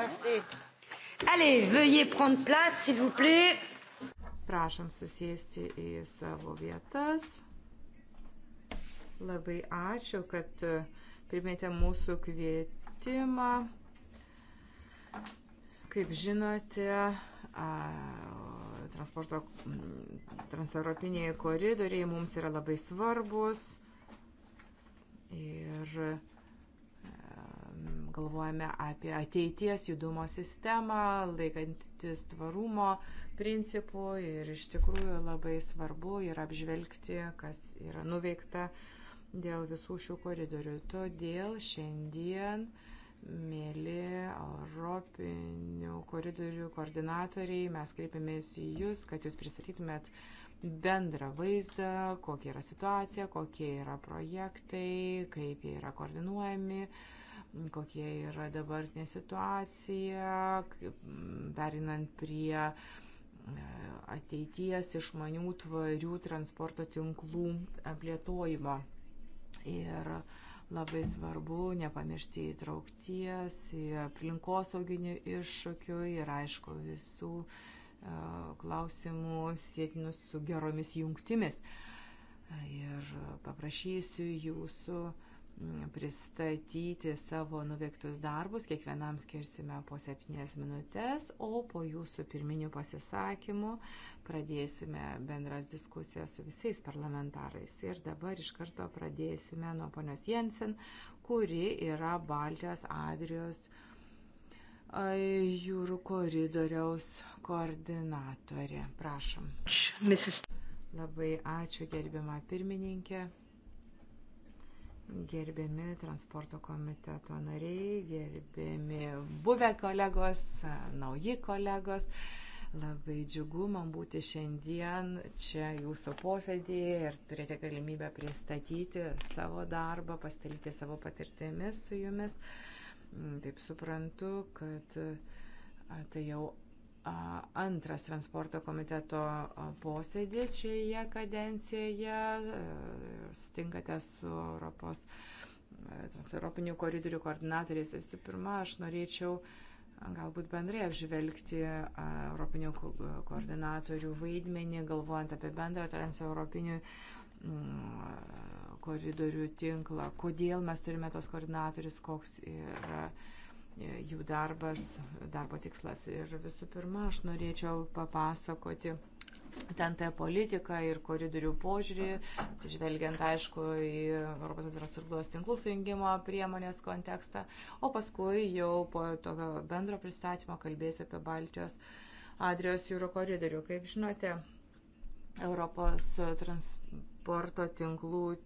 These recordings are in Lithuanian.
Merci. Allez, veuillez prendre place, s'il vous plaît. Prašom susėsti į savo vietas. Labai ačiū, kad e, primėte mūsų kvietimą. Kaip žinote, transporto transeuropiniai koridoriai mums yra labai svarbus. Ir galvojame apie ateities judumo sistemą, laikantis tvarumo principų ir iš tikrųjų labai svarbu yra apžvelgti, kas yra nuveikta dėl visų šių koridorių. Todėl šiandien, mėly Europinių koridorių koordinatoriai, mes kreipiamės į Jūs, kad Jūs pristatytumėt bendrą vaizdą, kokia yra situacija, kokie yra projektai, kaip jie yra koordinuojami, uh, kokie yra dabartinė situacija, perinant prie e, ateities išmanių tvarių transporto tinklų plėtojimo. Ir labai svarbu nepamiršti įtraukties, aplinkosauginį iššūkių ir aišku visų e, klausimų sėtinus su geromis jungtimis. E, ir paprašysiu jūsų uh, pristatyti savo nuveiktus darbus. Kiekvienam skirsime po septynės minutės, o po jūsų pirminių pasisakymų pradėsime bendras diskusijas su visais parlamentarais. Ir dabar iš karto pradėsime nuo ponios Jensen, kuri yra Baltijos Adrijos jūrų koridoriaus koordinatorė. Prašom. Mrs. Labai ačiū gerbiamą pirmininkę gerbiami transporto komiteto nariai, gerbiami buvę kolegos, nauji kolegos. Labai džiugu man būti šiandien čia jūsų posėdėje ir turėti galimybę pristatyti savo darbą, pastaryti savo patirtimis su jumis. Mm, taip suprantu, kad tai jau antras transporto komiteto posėdis šioje kadencijoje. Sutinkate su Europos transeuropinių koridorių koordinatoriais. Visų pirma, aš norėčiau galbūt bendrai apžvelgti Europinių koordinatorių vaidmenį, galvojant apie bendrą transeuropinių mm, koridorių tinklą, kodėl mes turime tos koordinatorius, koks yra E, jų darbas, darbo tikslas. Ir visų pirma, aš norėčiau papasakoti TNT politiką ir koridorių požiūrį, atsižvelgiant aišku į Europos atviros ir glos tinklų sujungimo priemonės kontekstą, o paskui jau po tokio bendro pristatymo kalbėsiu apie Baltijos Adrijos jūro koridorių. Kaip žinote, Europos transporto tinklų e,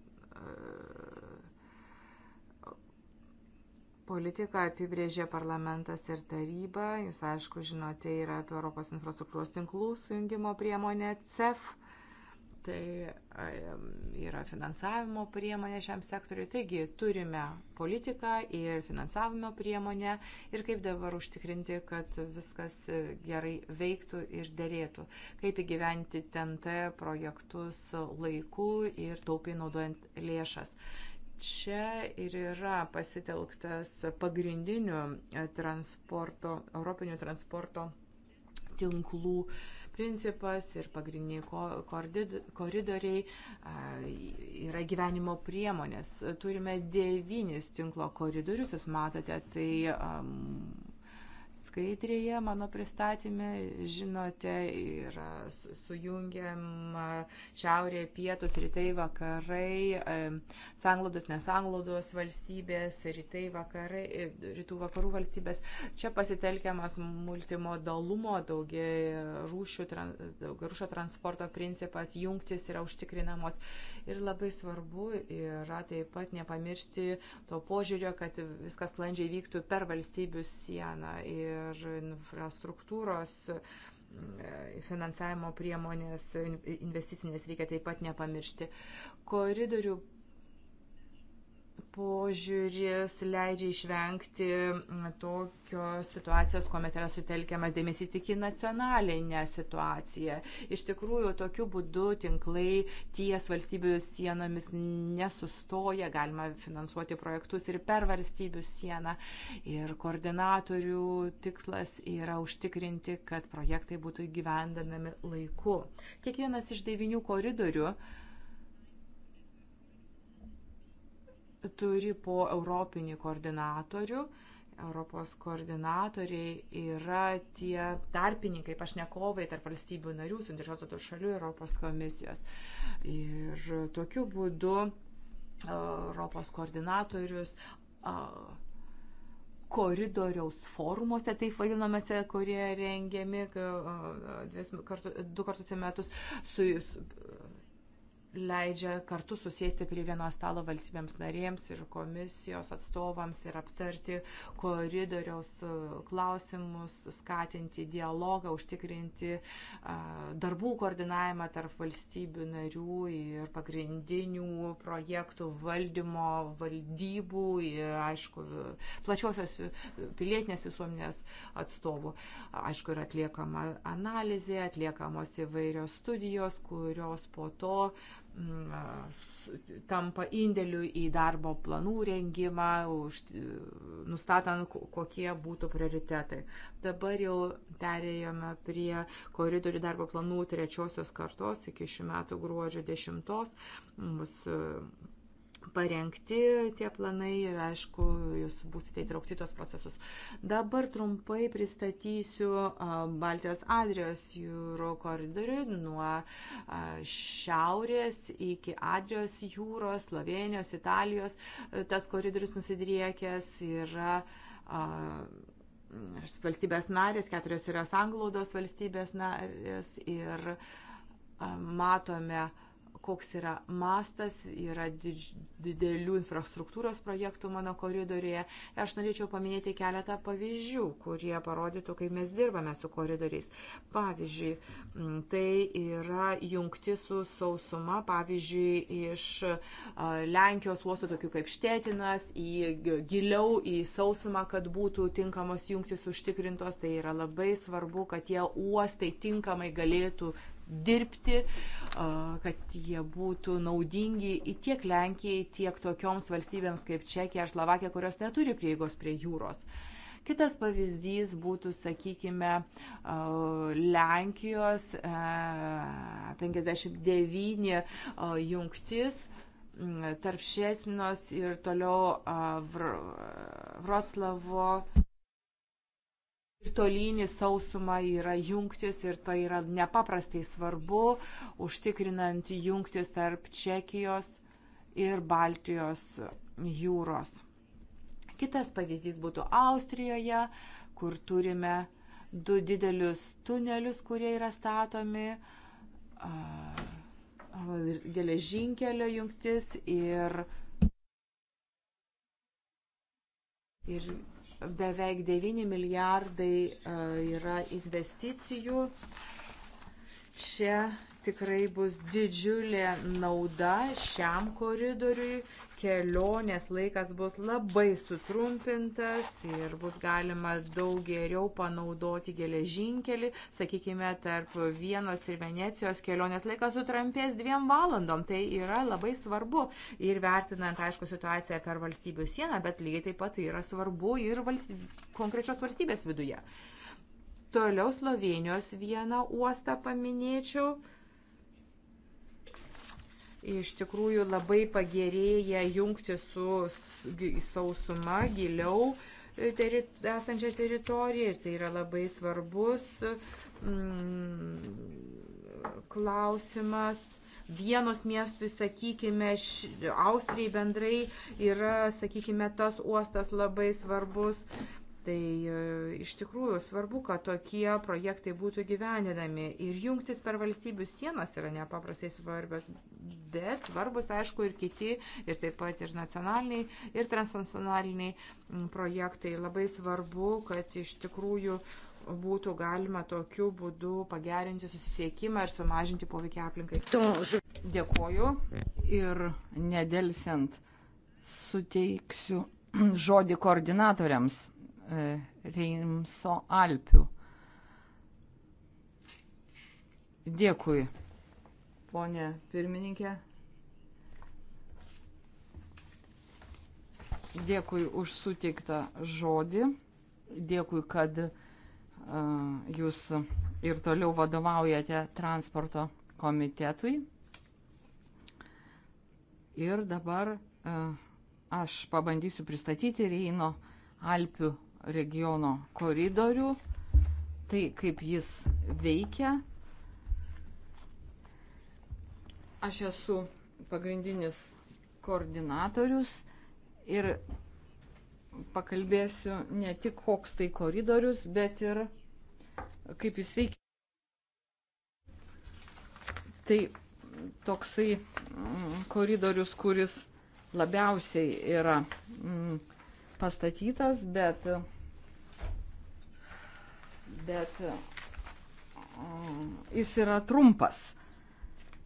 Politiką apibrėžė parlamentas ir taryba. Jūs, aišku, žinote, yra apie Europos infrastruktūros tinklų sujungimo priemonę CEF. Tai yra finansavimo priemonė šiam sektoriu. Taigi turime politiką ir finansavimo priemonę ir kaip dabar užtikrinti, kad viskas e, gerai veiktų ir dėrėtų. Kaip įgyventi TNT projektus laiku ir taupiai naudojant lėšas čia ir yra pasitelktas pagrindinių e, transporto, europinių transporto tinklų principas ir pagrindiniai koridoriai yra gyvenimo priemonės. Turime devynis tinklo koridorius, jūs matote, tai skaidrėje mano pristatymė, žinote, yra sujungiama šiaurė, pietus, rytai, vakarai, sanglaudos, nesanglaudos valstybės, rytai, vakarai, e, rytų vakarų valstybės. Čia pasitelkiamas multimodalumo daugia rūšio, daugia rūšio transporto principas, jungtis yra užtikrinamos. Ir labai svarbu yra taip pat nepamiršti to požiūrio, kad viskas sklandžiai vyktų per valstybių sieną. Ir ir infrastruktūros mm, finansavimo priemonės investicinės reikia taip pat nepamiršti. Koridorių požiūris leidžia išvengti tokios situacijos, kuomet yra sutelkiamas dėmesys tik į nacionalinę situaciją. Iš tikrųjų, tokiu būdu tinklai ties valstybių sienomis nesustoja, galima finansuoti projektus ir per valstybių sieną. Ir koordinatorių tikslas yra užtikrinti, kad projektai būtų įgyvendinami laiku. Kiekvienas iš devinių koridorių turi po europinį koordinatorių. Europos koordinatoriai yra tie tarpininkai, pašnekovai tarp valstybių narių, suinteresuotų šalių Europos komisijos. Ir tokiu būdu e, Europos koordinatorius e, koridoriaus formuose, taip vadinamėse, kurie rengiami e, du kartus į metus, su, leidžia kartu susėsti prie vieno stalo valstybėms narėms ir komisijos atstovams ir aptarti koridoriaus e, klausimus, skatinti dialogą, užtikrinti darbų koordinavimą tarp valstybių narių ir pagrindinių projektų valdymo valdybų, ir, aišku, plačiosios pilietinės visuomenės atstovų. Aišku, yra atliekama analizė, atliekamos įvairios studijos, kurios po to tampa indėliu į darbo planų rengimą, už, nustatant, kokie būtų prioritetai. Dabar jau perėjome prie koridorių darbo planų trečiosios kartos iki šių metų gruodžio 10. Mus parengti tie planai ir, aišku, jūs būsite įtraukti tos procesus. Dabar trumpai pristatysiu Baltijos Adrijos jūrų koridorių nuo šiaurės iki Adrijos jūros, Slovenijos, Italijos. E, tas koridorius nusidriekęs yra valstybės narės, keturios yra sanglaudos valstybės narės ir matome, koks yra mastas, yra didž, didelių infrastruktūros projektų mano koridorėje. Aš norėčiau paminėti keletą pavyzdžių, kurie parodytų, kaip mes dirbame su koridoriais. Pavyzdžiui, tai yra jungti su sausuma, pavyzdžiui, iš Lenkijos uostų, tokių kaip Štetinas, į, giliau į sausumą, kad būtų tinkamos jungtis užtikrintos. Tai yra labai svarbu, kad tie uostai tinkamai galėtų dirbti, kad jie būtų naudingi tiek Lenkijai, tiek tokioms valstybėms kaip Čekija ar Slovakija, kurios neturi prieigos prie jūros. Kitas pavyzdys būtų, sakykime, Lenkijos 59 jungtis tarp Šesnos ir toliau Vroclavo ir tolinį sausumą yra jungtis ir tai yra nepaprastai svarbu, užtikrinant jungtis tarp Čekijos ir Baltijos jūros. Kitas pavyzdys būtų Austrijoje, kur turime du didelius tunelius, kurie yra statomi, geležinkelio jungtis ir, ir beveik 9 milijardai e, yra investicijų. Čia tikrai bus didžiulė nauda šiam koridoriui kelionės laikas bus labai sutrumpintas ir bus galima daug geriau panaudoti geležinkelį. Sakykime, tarp Vienos ir Venecijos kelionės laikas sutrumpės dviem valandom. Tai yra labai svarbu ir vertinant, aišku, situaciją per valstybių sieną, bet lygiai taip pat yra svarbu ir valstyb... konkrečios valstybės viduje. Toliau Slovenijos vieną uostą paminėčiau iš tikrųjų labai pagerėja jungti su sausuma giliau e, teri, esančią teritoriją ir tai yra labai svarbus mm, klausimas. Vienos miestui, sakykime, š, Austrijai bendrai yra, sakykime, tas uostas labai svarbus. Mm, Tai e, iš tikrųjų svarbu, kad tokie projektai būtų gyveninami. Ir jungtis per valstybių sienas yra nepaprastai svarbios, bet svarbus, aišku, ir kiti, ir taip pat ir nacionaliniai, ir transnacionaliniai projektai. Labai svarbu, kad iš tikrųjų būtų galima tokiu būdu pagerinti susisiekimą ir sumažinti poveikį aplinkai. Dėkoju ir nedelsiant suteiksiu žodį koordinatoriams. E, Reimso Alpių. Dėkui, ponė pirmininkė. Dėkui už suteiktą žodį. Dėkui, kad uh, jūs ir toliau vadovaujate transporto komitetui. Ir dabar uh, aš pabandysiu pristatyti Reino Alpių regiono koridorių, tai kaip jis veikia. Aš esu pagrindinis koordinatorius ir pakalbėsiu ne tik koks tai koridorius, bet ir kaip jis veikia. Tai toksai mm, koridorius, kuris labiausiai yra mm, pastatytas, bet, bet mm, jis yra trumpas,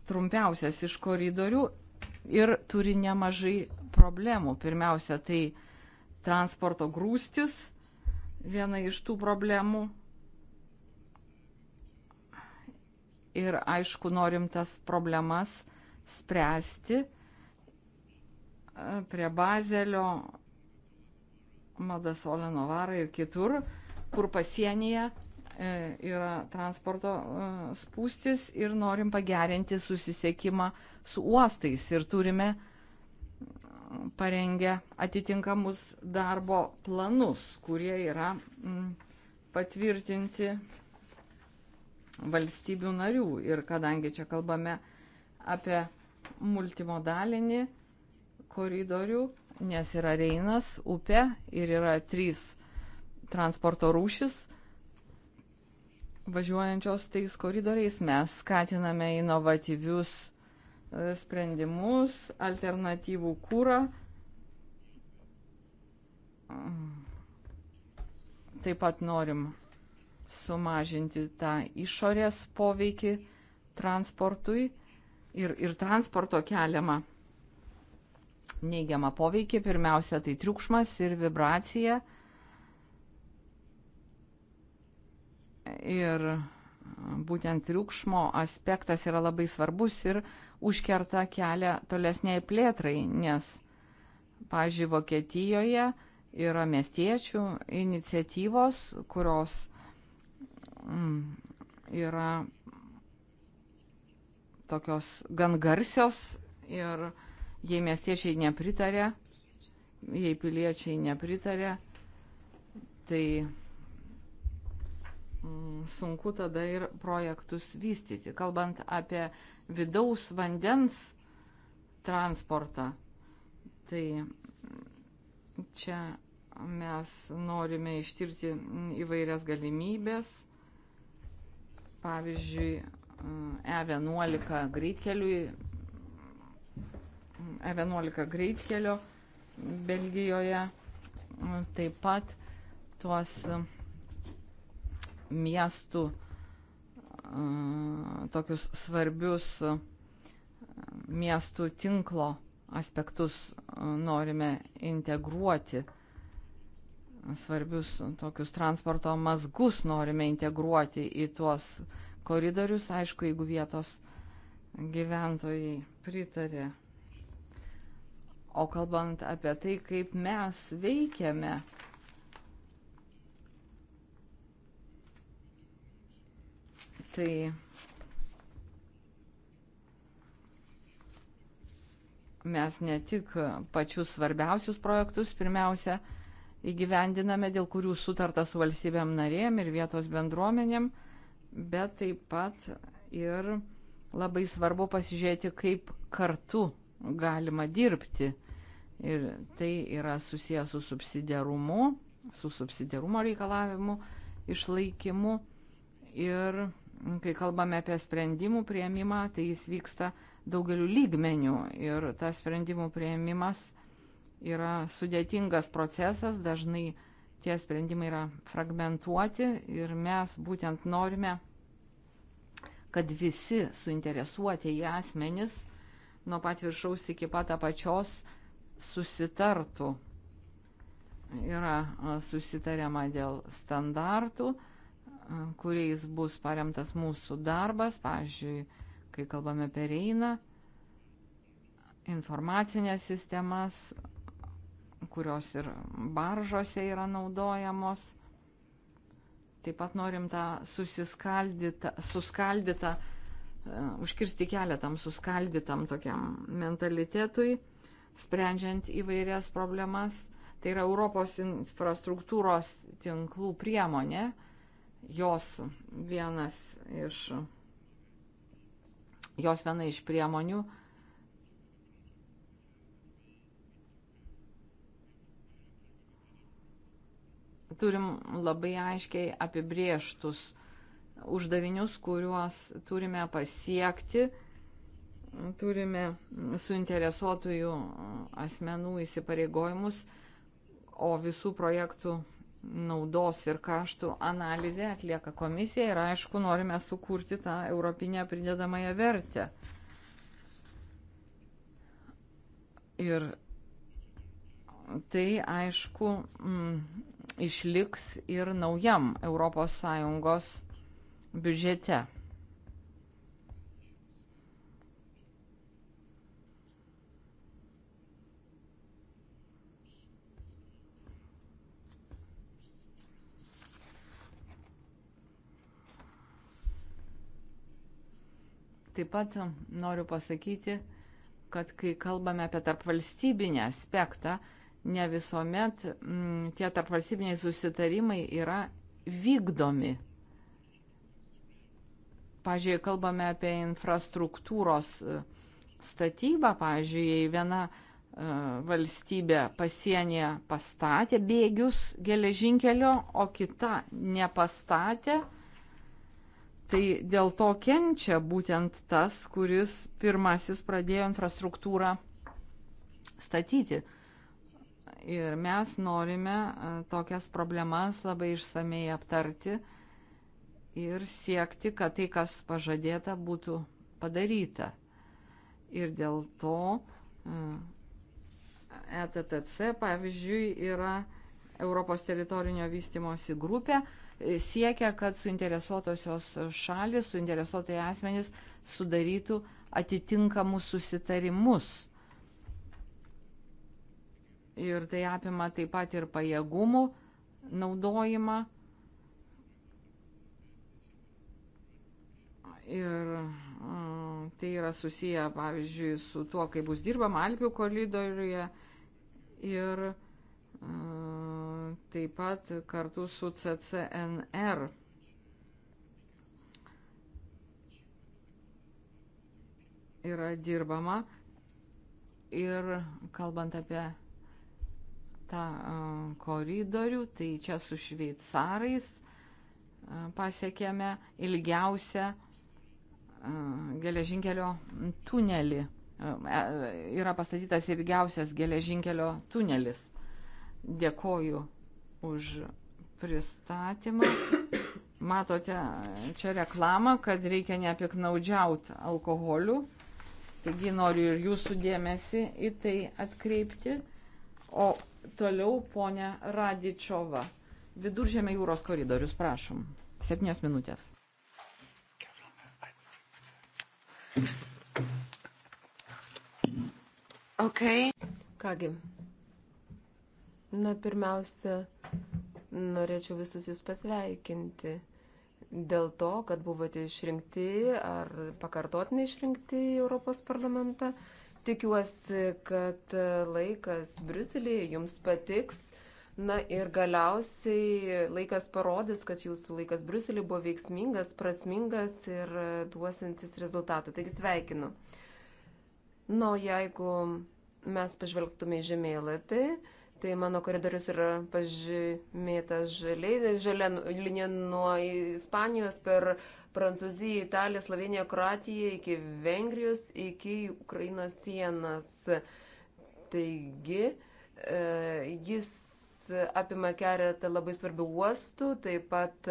trumpiausias iš koridorių ir turi nemažai problemų. Pirmiausia, tai transporto grūstis, viena iš tų problemų. Ir aišku, norim tas problemas spręsti e, prie Bazelio Madasolė Novara ir kitur, kur pasienyje e, yra transporto e, spūstis ir norim pagerinti susisiekimą su uostais ir turime parengę atitinkamus darbo planus, kurie yra mm, patvirtinti valstybių narių. Ir kadangi čia kalbame apie multimodalinį koridorių, nes yra Reinas, upė ir yra trys transporto rūšis važiuojančios tais koridoriais. Mes skatiname inovatyvius e, sprendimus, alternatyvų kūrą. Taip pat norim sumažinti tą išorės poveikį transportui ir, ir transporto keliamą neigiamą poveikį. Pirmiausia, tai triukšmas ir vibracija. Ir būtent triukšmo aspektas yra labai svarbus ir užkerta kelią tolesniai plėtrai, nes, pavyzdžiui, Vokietijoje yra miestiečių iniciatyvos, kurios mm, yra tokios gan garsios ir uh, Jei miestiečiai nepritarė, jei piliečiai nepritarė, tai mm, sunku tada ir projektus vystyti. Kalbant apie vidaus vandens transportą, tai čia mes norime ištirti įvairias galimybės. Pavyzdžiui, E11 e greitkeliui E11 greitkelio Belgijoje. Taip pat tuos e, miestų e, tokius svarbius e, miestų tinklo aspektus norime integruoti, svarbius tokius transporto mazgus norime integruoti į tuos koridorius, aišku, jeigu vietos gyventojai pritarė O kalbant apie tai, kaip mes veikiame, tai mes ne tik pačius svarbiausius projektus pirmiausia įgyvendiname, dėl kurių sutarta su valstybėm narėm ir vietos bendruomenėm, bet taip pat ir labai svarbu pasižiūrėti, kaip kartu galima dirbti. Ir tai yra susijęs su subsidiarumu, su subsidiarumo reikalavimu, išlaikymu. Ir kai kalbame apie sprendimų prieimimą, tai jis vyksta daugeliu lygmenių. Ir tas sprendimų prieimimas yra sudėtingas procesas, dažnai tie sprendimai yra fragmentuoti ir mes būtent norime, kad visi suinteresuotieji asmenys nuo pat viršaus iki pat apačios susitartų. Yra susitariama dėl standartų, kuriais bus paremtas mūsų darbas, pavyzdžiui, kai kalbame apie Reiną, informacinės sistemas, kurios ir baržose yra naudojamos. Taip pat norim tą susiskaldytą, suskaldytą E, užkirsti kelią tam suskaldytam tokiam mentalitetui, sprendžiant įvairias problemas. Tai yra Europos infrastruktūros tinklų priemonė, jos vienas iš, jos viena iš priemonių turim labai aiškiai apibrieštus uždavinius, kuriuos turime pasiekti. Turime suinteresuotųjų asmenų įsipareigojimus, o visų projektų naudos ir kaštų analizė atlieka komisija ir aišku, norime sukurti tą europinę pridedamąją vertę. Ir tai aišku m, mm, išliks ir naujam ES biudžete. Taip pat noriu pasakyti, kad kai kalbame apie tarpvalstybinį aspektą, ne visuomet m, mm, tie tarpvalstybiniai susitarimai yra vykdomi Pavyzdžiui, kalbame apie infrastruktūros e, statybą, pavyzdžiui, jei viena e, valstybė pasienyje pastatė bėgius geležinkelio, o kita nepastatė, tai dėl to kenčia būtent tas, kuris pirmasis pradėjo infrastruktūrą statyti. Ir mes norime e, tokias problemas labai išsamei aptarti ir siekti, kad tai, kas pažadėta, būtų padaryta. Ir dėl to mm, ETTC, pavyzdžiui, yra Europos teritorinio vystimosi grupė, siekia, kad suinteresuotosios šalis, suinteresuotai asmenys sudarytų atitinkamus susitarimus. Ir tai apima taip pat ir pajėgumų naudojimą Ir mm, tai yra susiję, pavyzdžiui, su tuo, kaip bus dirbama Alpių koridoriuje. Ir mm, taip pat kartu su CCNR. Yra dirbama. Ir kalbant apie tą mm, koridorių, tai čia su šveicarais pasiekėme ilgiausią geležinkelio tunelį. E, yra pastatytas ilgiausias geležinkelio tunelis. Dėkoju už pristatymą. Matote čia reklamą, kad reikia neapiknaudžiauti alkoholiu. Taigi noriu ir jūsų dėmesį į tai atkreipti. O toliau ponia Radičiova. Viduržėme jūros koridorius, prašom. Septynios minutės. Okay. Kągi. Na, pirmiausia, norėčiau visus jūs pasveikinti dėl to, kad buvote išrinkti ar pakartotinai išrinkti į Europos parlamentą. Tikiuosi, kad laikas Briuselėje jums patiks Na ir galiausiai laikas parodys, kad jūsų laikas Bruselį buvo veiksmingas, prasmingas ir e, duosintis rezultatų. Taigi sveikinu. Na, nu, jeigu mes pažvelgtume į žemėlapį, tai mano koridorius yra pažymėtas žaliai, žalia linija nuo Ispanijos per Prancūziją, Italiją, Sloveniją, Kroatiją iki Vengrijos, iki Ukrainos sienas. Taigi, e, jis apima keletą labai svarbių uostų, taip pat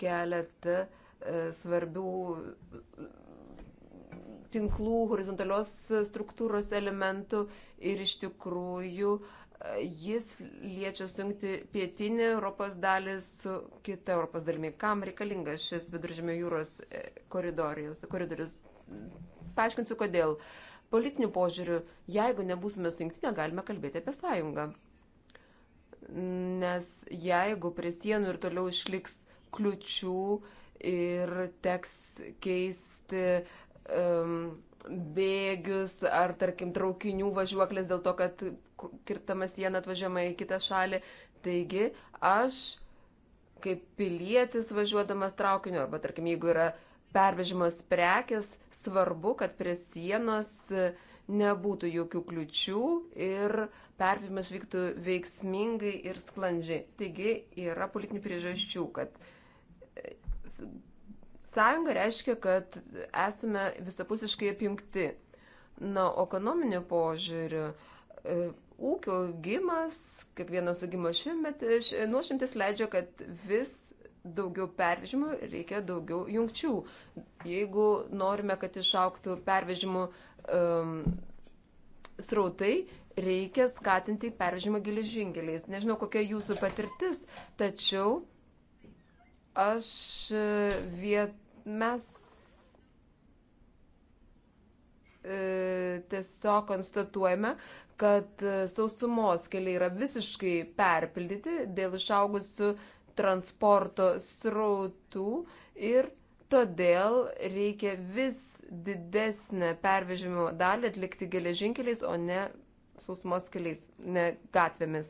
keletą e, svarbių mm, tinklų, horizontalios struktūros elementų ir iš tikrųjų e, jis liečia sujungti pietinę Europos dalį su kita Europos dalimi. Kam reikalingas šis viduržėmio jūros e, koridorius? Paaiškinsiu, kodėl. Politinių požiūrių, jeigu nebūsime sujungti, negalime kalbėti apie sąjungą nes jeigu prie sienų ir toliau išliks kliučių ir teks keisti um, bėgius ar, tarkim, traukinių važiuoklės dėl to, kad kirtama siena atvažiama į kitą šalį. Taigi, aš kaip pilietis važiuodamas traukiniu arba, tarkim, jeigu yra pervežimas prekes, svarbu, kad prie sienos uh, nebūtų jokių kliučių ir pervėjimas vyktų veiksmingai ir sklandžiai. Taigi yra politinių priežasčių, kad e, sąjunga reiškia, kad esame visapusiškai apjungti. Na, ekonominio požiūriu, e, ūkio augimas, kiekvienas augimo šimtmetis, nuošimtis leidžia, kad vis daugiau pervežimų reikia daugiau jungčių. Jeigu norime, kad išauktų pervežimų uh, um, srautai, reikia skatinti pervežimą geležinkeliais. Nežinau, kokia jūsų patirtis, tačiau aš uh, viet, mes e, tiesiog konstatuojame, kad uh, sausumos keliai yra visiškai perpildyti dėl išaugusių transporto srautų ir todėl reikia vis didesnę pervežimo dalį atlikti geležinkeliais, o ne sausumos keliais, ne gatvėmis.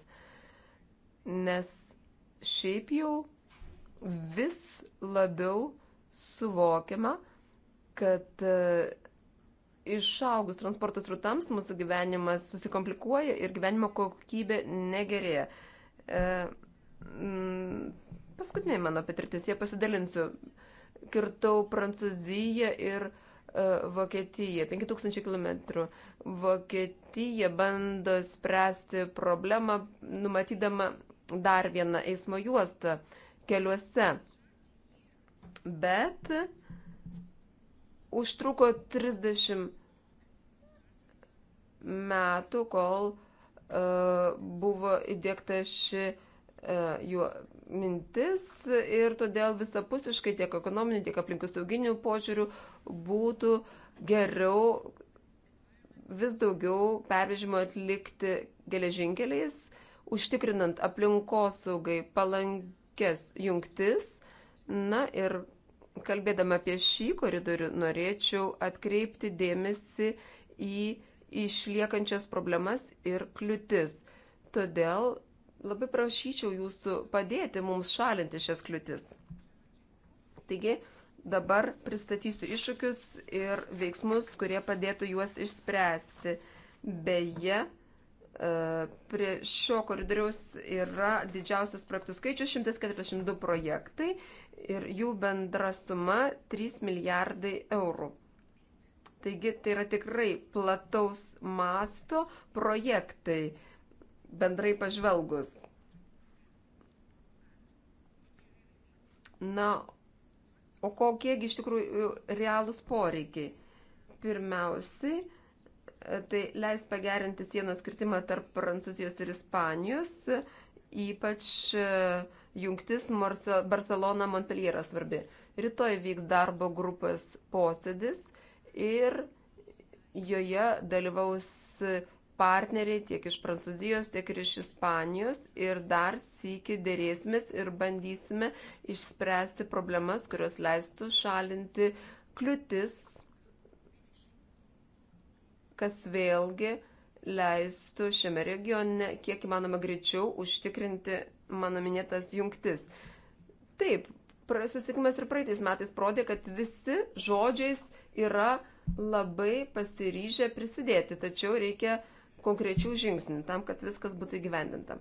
Nes šiaip jau vis labiau suvokiama, kad e, išaugus transporto srutams mūsų gyvenimas susikomplikuoja ir gyvenimo kokybė negerėja. E, m, mm, paskutiniai mano patirtis, jie pasidalinsiu. Kirtau Prancūziją ir e, Vokietija, 5000 km. Vokietija bando spręsti problemą, numatydama dar vieną eismo juostą keliuose. Bet užtruko 30 metų, kol uh, buvo įdėkta ši uh, e, juo mintis ir todėl visapusiškai tiek ekonominių, tiek aplinkosauginių požiūrių uh, būtų geriau vis daugiau pervežimo atlikti geležinkeliais, užtikrinant aplinkosaugai palankes jungtis. Na ir kalbėdama apie šį koridorių norėčiau atkreipti dėmesį į išliekančias problemas ir kliūtis. Todėl labai prašyčiau jūsų padėti mums šalinti šias kliūtis. Taigi, Dabar pristatysiu iššūkius ir veiksmus, kurie padėtų juos išspręsti. Beje, e, prie šio koridoriaus yra didžiausias projektų skaičius - 142 projektai ir jų bendra suma - 3 milijardai eurų. Taigi tai yra tikrai plataus masto projektai bendrai pažvelgus. Na, O kokiegi iš tikrųjų e, realūs poreikiai? Pirmiausiai, e, tai leis pagerinti sienos skirtimą tarp Prancūzijos ir Ispanijos, ypač e, jungtis Barcelona-Montpellier yra svarbi. Rytoj vyks darbo grupės posėdis ir joje dalyvaus partneriai tiek iš Prancūzijos, tiek ir iš Ispanijos ir dar sįki dėrėsimės ir bandysime išspręsti problemas, kurios leistų šalinti kliūtis, kas vėlgi leistų šiame regione kiek įmanoma greičiau užtikrinti mano minėtas jungtis. Taip, susitikimas ir praeitais metais parodė, kad visi žodžiais yra labai pasiryžę prisidėti, tačiau reikia uh, konkrečių žingsnių tam, kad viskas būtų įgyvendinta.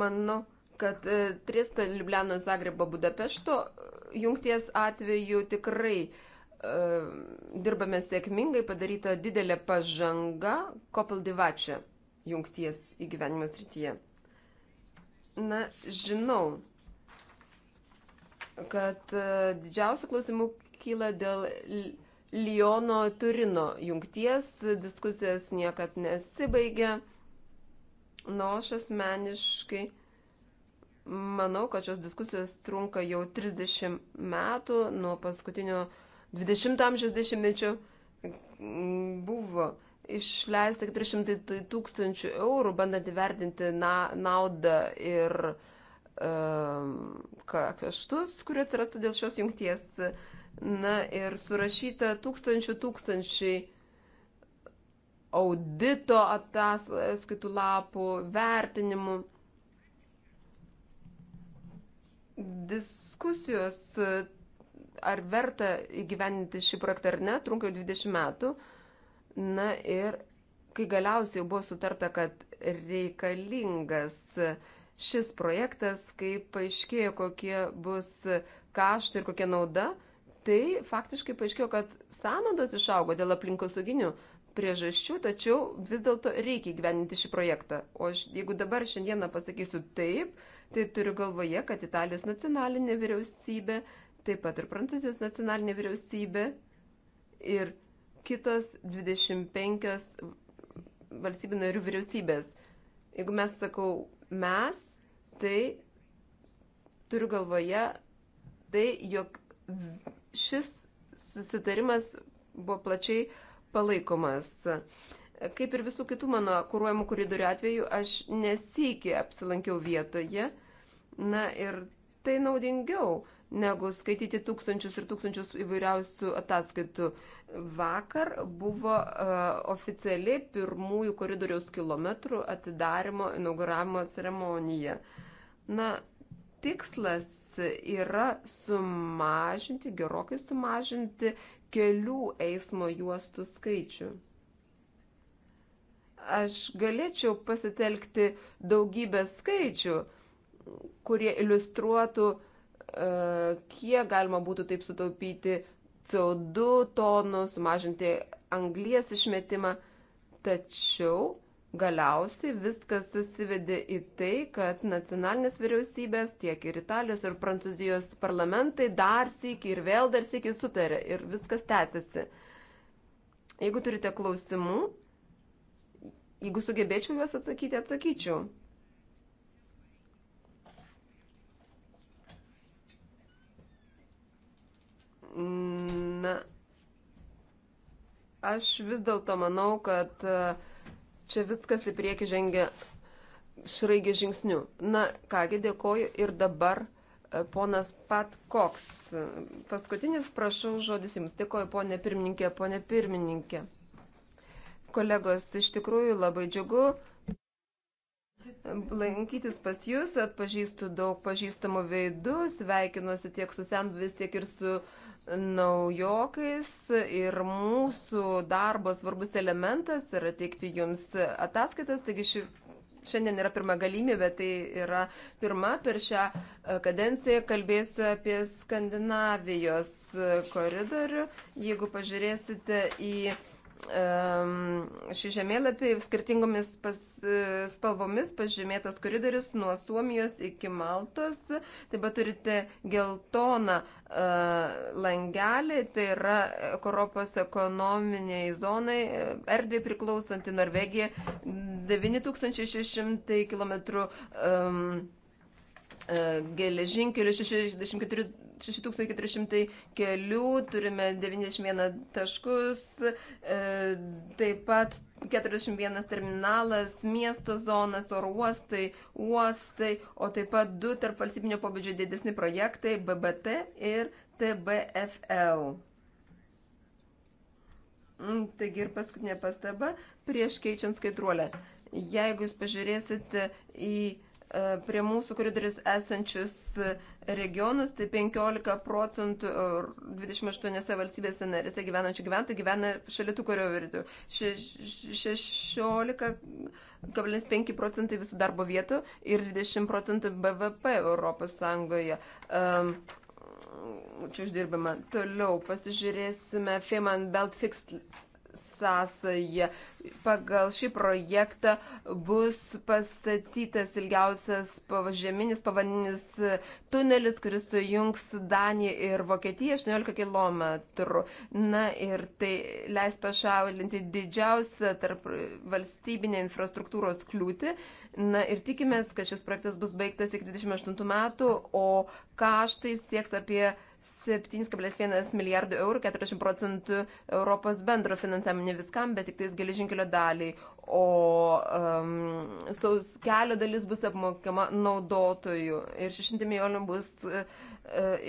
Manau, kad e, tris Liubliano Zagrebo Budapešto jungties atveju tikrai e, dirbame sėkmingai, padaryta didelė pažanga Kopaldivačia jungties įgyvenimo srityje. Na, žinau, kad e, didžiausių klausimų kyla dėl Liono Turino jungties, diskusijas niekad nesibaigia. Na, nu, aš asmeniškai Manau, kad šios diskusijos trunka jau 30 metų nuo paskutinio 20 amžiaus dešimtmečio buvo išleista 300 tūkstančių eurų, bandant įvertinti na, naudą ir e, kaštus, kurie atsirastų dėl šios jungties. Na ir surašyta tūkstančių tūkstančiai audito ataskaitų lapų, vertinimų. diskusijos, ar verta įgyveninti šį projektą ar ne, trunka 20 metų. Na ir kai galiausiai buvo sutarta, kad reikalingas šis projektas, kai paaiškėjo, kokie bus kaštai ir kokia nauda, tai faktiškai paaiškėjo, kad sąnaudos išaugo dėl aplinkosauginių priežasčių, tačiau vis dėlto reikia gyveninti šį projektą. O aš, jeigu dabar šiandieną pasakysiu taip, Tai turiu galvoje, kad Italijos nacionalinė vyriausybė, taip pat ir Prancūzijos nacionalinė vyriausybė ir kitos 25 valstybių narių vyriausybės. Jeigu mes sakau mes, tai turiu galvoje tai, jog šis susitarimas buvo plačiai palaikomas. Kaip ir visų kitų mano kūruojamų koridorių atveju, aš nesikį apsilankiau vietoje Na ir tai naudingiau negu skaityti tūkstančius ir tūkstančius įvairiausių ataskaitų. Vakar buvo uh, e, oficialiai pirmųjų koridoriaus kilometrų atidarimo inauguravimo ceremonija. Na, tikslas yra sumažinti, gerokai sumažinti kelių eismo juostų skaičių. Aš galėčiau pasitelkti daugybę skaičių, uh, kurie iliustruotų, e, kiek galima būtų taip sutaupyti CO2 tonų, sumažinti anglies išmetimą. Tačiau galiausiai viskas susivedė į tai, kad nacionalinės vyriausybės, tiek ir Italijos, ir Prancūzijos parlamentai dar sėki ir vėl dar sėki sutarė ir viskas tęsiasi. Jeigu turite klausimų, jeigu sugebėčiau juos atsakyti, atsakyčiau. Na, aš vis dėlto manau, kad e, čia viskas į priekį žengia šraigė žingsnių. Na, kągi, dėkoju ir dabar e, ponas Pat Koks. Paskutinis, prašau, žodis jums. Dėkoju, ponė pirmininkė, ponė pirmininkė. Kolegos, iš tikrųjų labai džiugu lankytis pas jūs, atpažįstu daug pažįstamų veidų, sveikinuosi tiek su senbuvis, tiek ir su uh, naujokais ir mūsų darbo svarbus elementas yra teikti jums ataskaitas, taigi ši, šiandien yra pirma galimybė, tai yra pirma per šią e, kadenciją kalbėsiu apie Skandinavijos e, koridorių. Jeigu pažiūrėsite į šį žemėlapį skirtingomis pas, e, spalvomis pažymėtas koridorius nuo Suomijos iki Maltos. Taip pat turite geltoną e, langelį, tai yra Europos ekonominiai zonai, e, erdvė priklausanti Norvegija, 9600 km. Um, E, geležinkelių 6400 kelių, turime 91 taškus, e, taip pat 41 terminalas, miesto zonas, oro uostai, uostai, o taip pat du tarp valstybinio pobūdžio didesni projektai BBT ir TBFL. Mm, taigi ir paskutinė pastaba prieš keičiant skaidruolę. Jeigu jūs pažiūrėsite į prie mūsų koridorius esančius regionus, tai 15 procentų 28 valstybėse narėse gyvenančių gyventojų gyvena šalia tų koridorių. 16,5 procentai visų darbo vietų ir 20 procentų BVP Europos Sąjungoje. Um, čia uždirbama. Toliau pasižiūrėsime Feman Belt Fixed sąsaja. Pagal šį projektą bus pastatytas ilgiausias žeminis pavaninis tunelis, kuris sujungs Daniją ir Vokietiją 18 km. Na ir tai leis pašalinti didžiausią tarp valstybinę infrastruktūros kliūtį. Na ir tikimės, kad šis projektas bus baigtas iki 28 metų, o kaštai sieks apie 7,1 milijardų eurų, 40 procentų Europos bendro finansavimo ne viskam, bet tik tais geležinkelio daliai. O um, saus kelio dalis bus apmokama naudotojų ir 600 milijonų bus uh,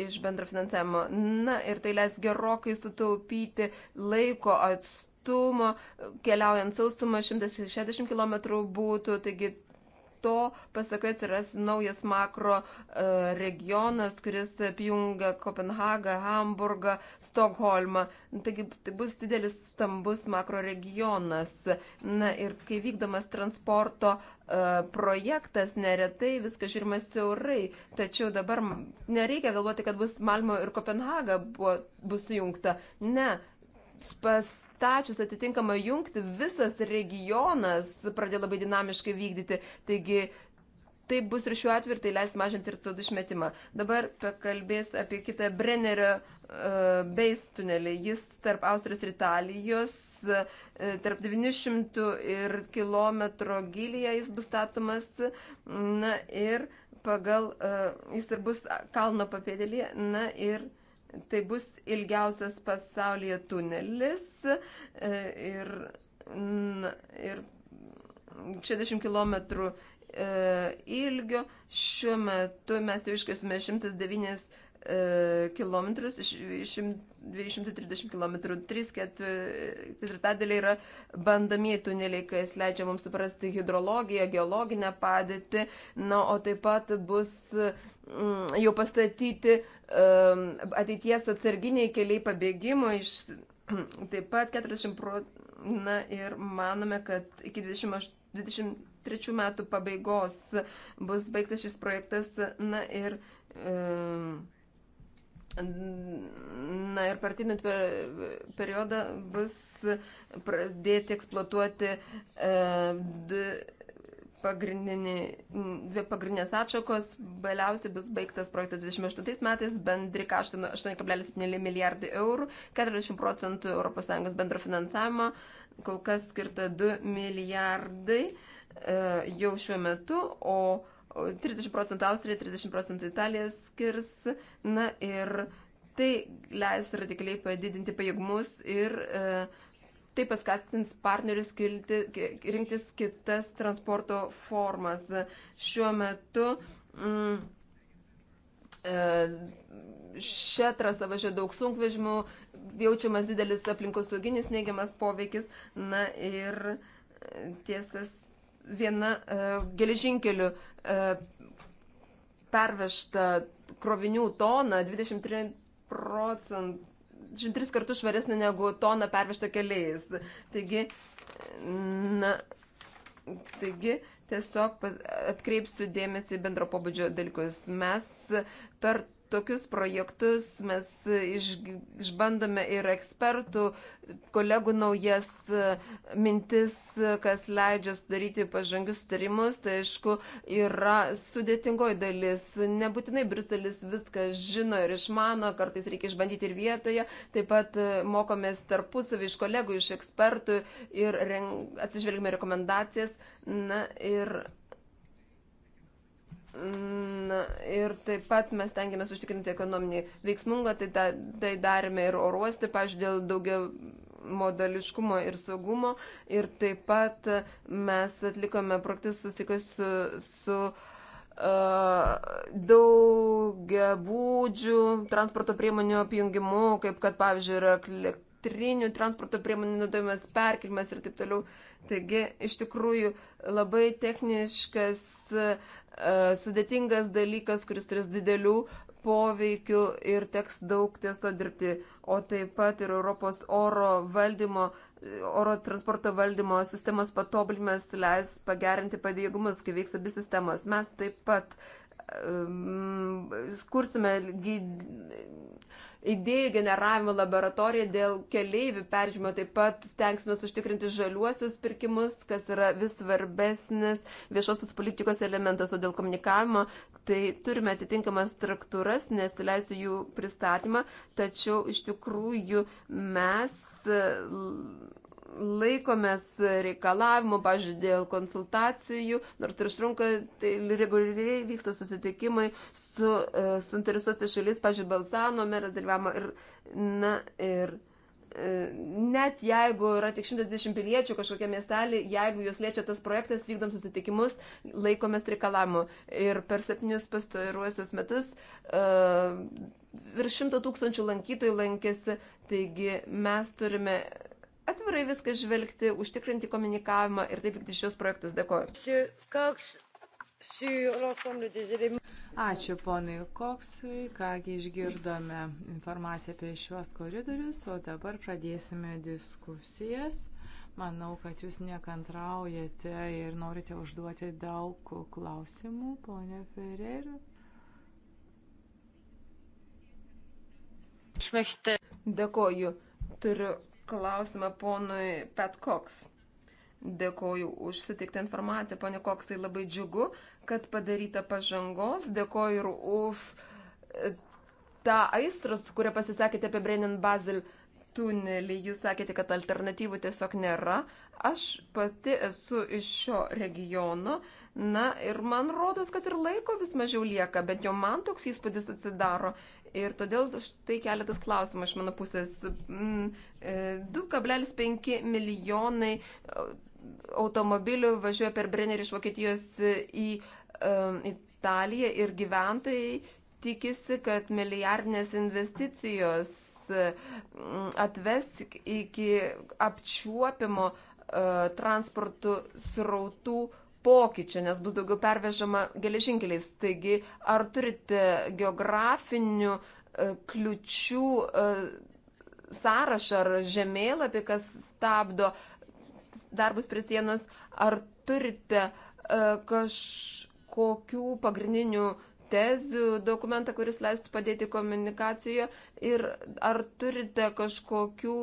iš bendro finansavimo. Na ir tai leis gerokai sutaupyti laiko atstumą atstumo, keliaujant sausumą 160 km būtų, taigi to, pasakai, atsiras naujas makro e, regionas, kuris apjungia Kopenhagą, Hamburgą, Stokholmą. Taigi tai bus didelis stambus makro regionas. Na ir kai vykdomas transporto e, projektas, neretai viskas žiūrima siaurai. Tačiau dabar nereikia galvoti, kad bus Malmo ir Kopenhaga buvo, bus sujungta. Ne, pastačius atitinkamą jungtį, visas regionas pradėjo labai dinamiškai vykdyti. Taigi, taip bus ir šiuo atveju ir tai leis mažinti ir CO2 išmetimą. Dabar pakalbės apie kitą Brennerio uh, e, beis tunelį. Jis tarp Austrijos ir Italijos, uh, tarp 900 ir kilometro gilyje jis bus statomas. Na ir pagal, uh, jis ir bus kalno papėdėlėje. Na ir uh, Tai bus ilgiausias pasaulyje tunelis e, ir, ir 60 km e, ilgio. Šiuo metu mes jau iškasime 109 km, 230 km, 3 ketvirtadėliai yra bandomieji tuneliai, kas leidžia mums suprasti hidrologiją, geologinę padėtį, na, o taip pat bus mm, jau pastatyti ateities atsarginiai keliai pabėgimo iš taip pat 40 procentų. Na ir manome, kad iki 28, 23 metų pabaigos bus baigtas šis projektas. Na ir, na ir partinį periodą bus pradėti eksploatuoti. E, dvi pagrindinės atšakos, vėliausiai bus baigtas projektas 28 metais, bendri kaštai 8,7 milijardai eurų, 40 procentų ES bendro finansavimo, kol kas skirta 2 milijardai e, jau šiuo metu, o 30 procentų Austrija, 30 procentų Italija skirs, na ir tai leis radikaliai padidinti pajėgumus ir e, Tai paskatins partnerius kilti, rinktis kitas transporto formas. Šiuo metu mm, e, šią trasą važia daug sunkvežimų, jaučiamas didelis aplinkosauginis neigiamas poveikis. Na ir e, tiesas viena e, geležinkeliu pervežta krovinių tona 23 procentų tris kartus švaresnė negu tona pervežta keliais. Taigi, na, taigi tiesiog atkreipsiu dėmesį bendro pobūdžio dalykus. Mes per Tokius projektus mes iš, išbandome ir ekspertų, kolegų naujas mintis, kas leidžia sudaryti pažangius sutarimus. Tai aišku, yra sudėtingoji dalis. Nebūtinai Bruselis viską žino ir išmano, kartais reikia išbandyti ir vietoje. Taip pat e, mokomės tarpusavį iš kolegų, iš ekspertų ir atsižvelgime rekomendacijas. Na ir Na, ir taip pat mes tengiamės užtikrinti ekonominį veiksmungą, tai, ta, tai darėme ir oruosti, pažiūrėjau, dėl daugiau modališkumo ir saugumo. Ir taip pat mes atlikome praktis susikas su, su uh, daugia būdžių transporto priemonių apjungimu, kaip kad, pavyzdžiui, yra klik elektrinių transporto priemonių naudojimas, perkelimas ir taip toliau. Taigi, iš tikrųjų, labai techniškas, e, sudėtingas dalykas, kuris turės didelių poveikių ir teks daug ties to dirbti. O taip pat ir Europos oro valdymo, oro transporto valdymo sistemos patobulinimas leis pagerinti padėgumus, kai veiks abi sistemos. Mes taip pat um, skursime gyd, idėjų generavimo laboratoriją dėl keleivių peržymo. Taip pat stengsime užtikrinti žaliuosius pirkimus, kas yra vis svarbesnis viešosios politikos elementas, o dėl komunikavimo tai turime atitinkamas struktūras, nesileisiu jų pristatymą, tačiau iš tikrųjų mes laikomės reikalavimų, pažiūrėjau, dėl konsultacijų, nors ir išrunka, tai reguliariai vyksta susitikimai su uh, e, suinteresuoti šalis, pažiūrėjau, Balsano merą dalyvavimo ir, na, ir e, net jeigu yra tik 120 piliečių kažkokie miestelį, jeigu jūs liečia tas projektas, vykdom susitikimus, laikomės reikalavimų. Ir per septynius pastaruosius metus uh, virš šimto tūkstančių lankytojų lankėsi, taigi mes turime atvirai viską žvelgti, užtikrinti komunikavimą ir taip vykdyti šios projektus. Dėkuoju. Ačiū ponui Koksui, kągi išgirdome informaciją apie šiuos koridorius, o dabar pradėsime diskusijas. Manau, kad jūs nekantraujate ir norite užduoti daug klausimų, ponė Ferreriu. Dėkoju. Turiu klausimą ponui Pat Cox. Dėkoju už sutiktą informaciją, ponė Koksai, labai džiugu, kad padaryta pažangos. Dėkoju ir už e, tą aistrą, su kuria pasisakėte apie Brennan Basel tunelį. Jūs sakėte, kad alternatyvų tiesiog nėra. Aš pati esu iš šio regiono. Na ir man rodos, kad ir laiko vis mažiau lieka, bet jau man toks įspūdis atsidaro. Ir todėl štai keletas klausimų iš mano pusės. 2,5 mm, e, milijonai e, automobilių važiuoja per Brennerį iš Vokietijos į e, Italiją ir gyventojai tikisi, kad milijardinės investicijos atves iki apčiuopimo transportų srautų uh, pokyčių, nes bus daugiau pervežama geležinkeliais. Taigi, ar turite geografinių e, kliučių e, sąrašą ar žemėlapį, kas stabdo darbus prie sienos, ar turite e, kažkokių pagrindinių tezių dokumentą, kuris leistų padėti komunikacijoje ir ar turite kažkokių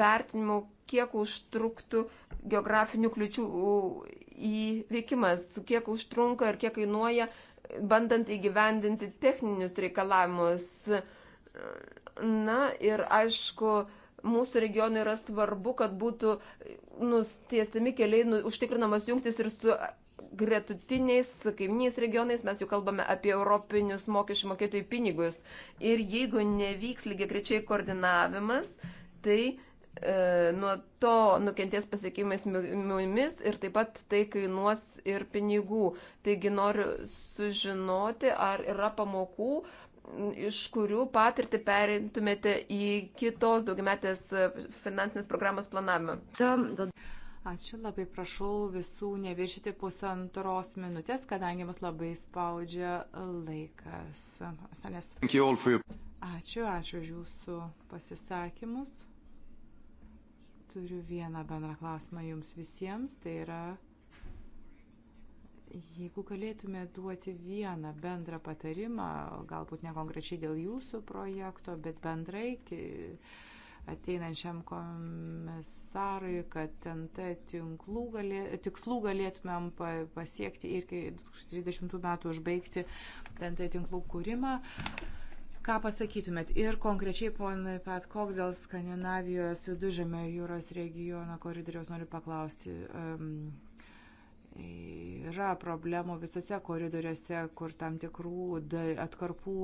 vertinimų, kiek užtruktų geografinių kliučių įveikimas, kiek užtrunka ir kiek kainuoja, bandant įgyvendinti techninius reikalavimus. Na ir aišku, mūsų regionui yra svarbu, kad būtų nustiesiami keliai, nu, užtikrinamas jungtis ir su gretutiniais kaiminiais regionais, mes jau kalbame apie europinius mokesčių mokėtojų pinigus. Ir jeigu nevyks lygiai grečiai koordinavimas, tai E, nuo to nukentės pasiekimais mumis ir taip pat tai kainuos ir pinigų. Taigi noriu sužinoti, ar yra pamokų, iš kurių patirtį perintumėte į kitos daugiametės e, finansinės programos planavimą. Ačiū, labai prašau visų neviršyti pusantros minutės, kadangi mus labai spaudžia laikas. Ačiū, ačiū už jūsų pasisakymus. Turiu vieną bendrą klausimą jums visiems. Tai yra, jeigu galėtume duoti vieną bendrą patarimą, galbūt ne konkrečiai dėl jūsų projekto, bet bendrai ateinančiam komisarui, kad NT galė, tikslų galėtumėm pasiekti ir iki 2030 metų užbaigti NT tinklų kūrimą. Ką pasakytumėt ir konkrečiai, ponai Pat Koks, dėl Skandinavijos viduržėmio jūros regiono koridoriaus noriu paklausti. Um, Yra problemų visose koridoriuose, kur tam tikrų atkarpų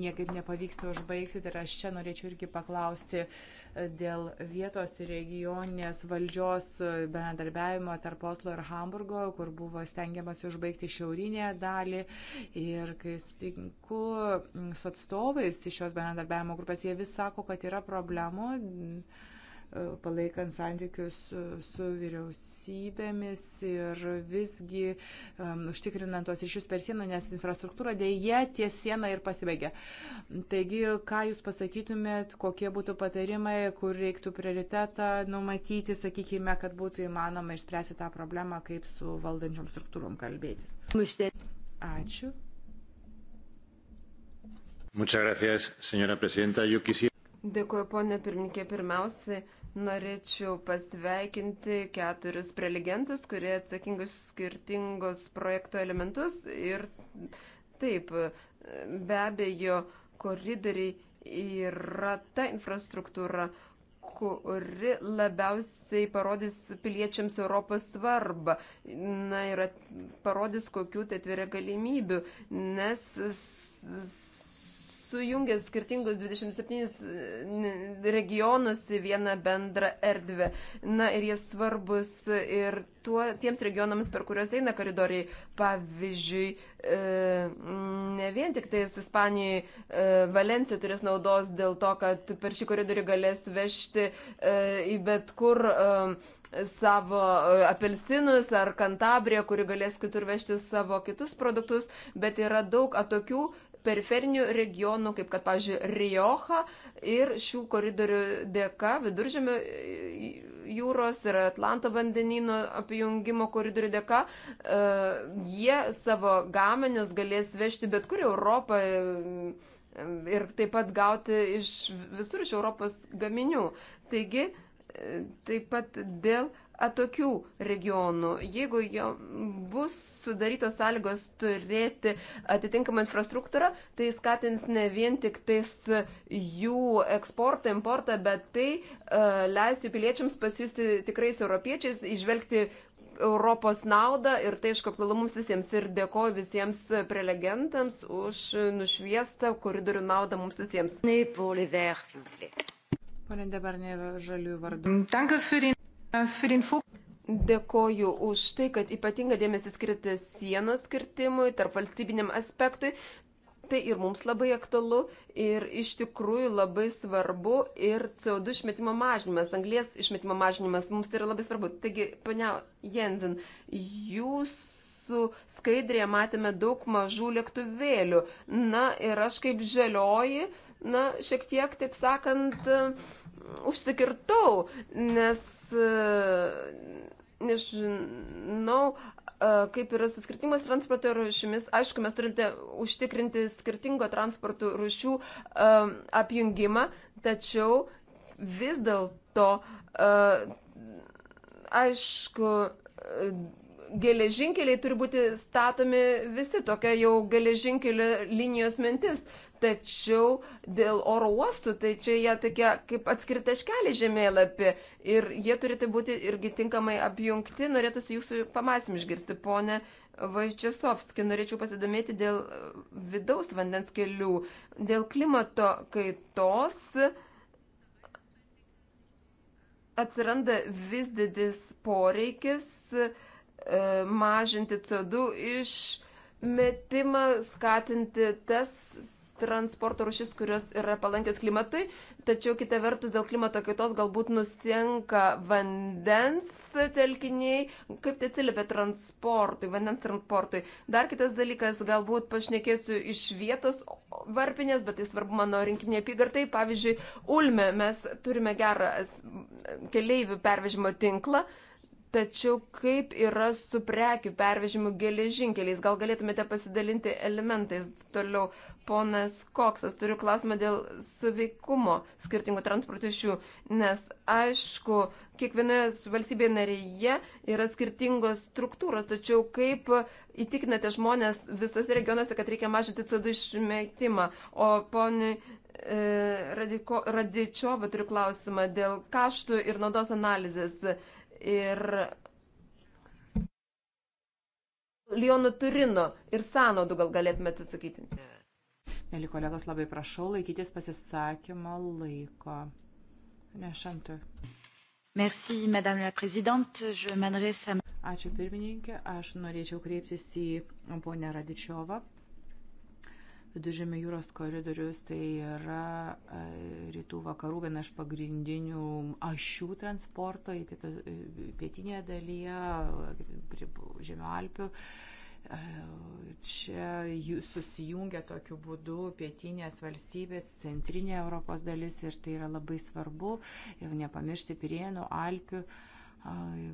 niekaip nepavyksta užbaigti. Ir tai aš čia norėčiau irgi paklausti e, dėl vietos ir regioninės valdžios e, bendarbiavimo tarp Oslo ir Hamburgo, kur buvo stengiamasi užbaigti šiaurinę dalį. Ir kai sutinku su atstovais iš šios bendarbiavimo grupės, jie vis sako, kad yra problemų E, palaikant santykius su, e, su vyriausybėmis ir visgi um, užtikrinant tos ryšius per sieną, nes infrastruktūra dėje ties sieną ir pasibaigia. Taigi, ką Jūs pasakytumėt, kokie būtų patarimai, kur reiktų prioritetą numatyti, sakykime, kad būtų įmanoma išspręsti tą problemą, kaip su valdančiom struktūrom kalbėtis. Ačiū. Muchas gracias, señora presidenta. Yo quisiera. Dėkuoju, ponė pirmininkė. Pirmiausiai norėčiau pasveikinti keturis prelegentus, kurie atsakingus skirtingos projekto elementus. Ir taip, be abejo, koridoriai yra ta infrastruktūra, kuri labiausiai parodys piliečiams Europos svarbą. Na ir parodys, kokiu tai atveria galimybių, nes sujungė skirtingus 27 regionus į vieną bendrą erdvę. Na ir jie svarbus ir tuo, tiems regionams, per kuriuos eina koridoriai. Pavyzdžiui, e, ne vien tik tais Ispanijai e, Valencija turės naudos dėl to, kad per šį koridorių galės vežti e, į bet kur savo apelsinus ar kantabriją, kuri galės kitur vežti savo kitus produktus, bet yra daug atokių periferinių regionų, kaip kad, pavyzdžiui, Rioja ir šių koridorių dėka viduržėmio jūros ir Atlanto vandenino apjungimo koridorių dėka e, jie savo gaminius galės vežti bet kur Europą e, ir taip pat gauti iš visur iš Europos gaminių. Taigi, e, taip pat dėl uh, atokių regionų. Jeigu jo bus sudarytos sąlygos turėti atitinkamą infrastruktūrą, tai skatins ne vien tik tais jų eksportą, importą, bet tai uh, leis jų piliečiams pasijusti tikrais europiečiais, išvelgti Europos naudą ir tai iš kaklulo mums visiems. Ir dėkoju visiems prelegentams už nušviestą koridorių naudą mums visiems. Pone Debarnė, žaliųjų vardu. Dėkoju už tai, kad ypatinga dėmesį skirti sienos skirtimui, tarp valstybiniam aspektui. Tai ir mums labai aktualu ir iš tikrųjų labai svarbu ir CO2 išmetimo mažinimas, anglės išmetimo mažinimas mums tai yra labai svarbu. Taigi, ponia Jensen, jūsų skaidrėje matėme daug mažų lėktuvėlių. Na ir aš kaip žalioji, na šiek tiek, taip sakant, užsikirtau, nes E, nežinau, e, kaip yra su skirtingos transporto rūšimis. Aišku, mes turime užtikrinti skirtingo transporto rūšių e, apjungimą, tačiau vis dėlto, aišku, geležinkeliai turi būti statomi visi, tokia jau geležinkelio linijos mintis. Tačiau dėl oro uostų, tai čia jie tokie kaip atskiri taškeliai žemėlapį ir jie turėtų tai būti irgi tinkamai apjungti. Norėtųsi jūsų pamąstymą išgirsti, ponė Važičiasovski. Norėčiau pasidomėti dėl vidaus vandens kelių, dėl klimato kaitos. Atsiranda vis didis poreikis e, mažinti CO2 iš metimą, skatinti tas transporto rušis, kurios yra palankės klimatui, tačiau kita vertus dėl klimato kaitos galbūt nusenka vandens telkiniai, kaip tai atsiliepia transportui, vandens transportui. Dar kitas dalykas, galbūt pašnekėsiu iš vietos varpinės, bet tai svarbu mano rinkiminė apygartai. Pavyzdžiui, Ulme mes turime gerą keleivių pervežimo tinklą. Tačiau kaip yra su prekių pervežimu geležinkeliais? Gal galėtumėte pasidalinti elementais? Toliau, ponas Koksas, turiu klausimą dėl suveikumo skirtingų transporto šių, nes aišku, kiekvienoje valstybėje narėje yra skirtingos struktūros, tačiau kaip įtikinate žmonės visose regionuose, kad reikia mažinti CO2 išmetimą? O ponui e, Radičiovą turiu klausimą dėl kaštų ir naudos analizės. E, ir Lionų Turino ir sąnaudų gal galėtumėte atsakyti. Mėly kolegos, labai prašau laikytis pasisakymo laiko. Nešantu. Merci, Madame la Présidente. Je m'adresse à... Ačiū pirmininkė, aš norėčiau kreiptis į ponę Radičiovą. Vidužėmio jūros koridorius tai yra e, rytų vakarų viena iš pagrindinių ašių transporto į pietų, pietinėje dalyje, Žemio Alpių. E, čia susijungia tokiu būdu pietinės valstybės, centrinė Europos dalis ir tai yra labai svarbu, jau nepamiršti Pirienų, Alpių. Uh,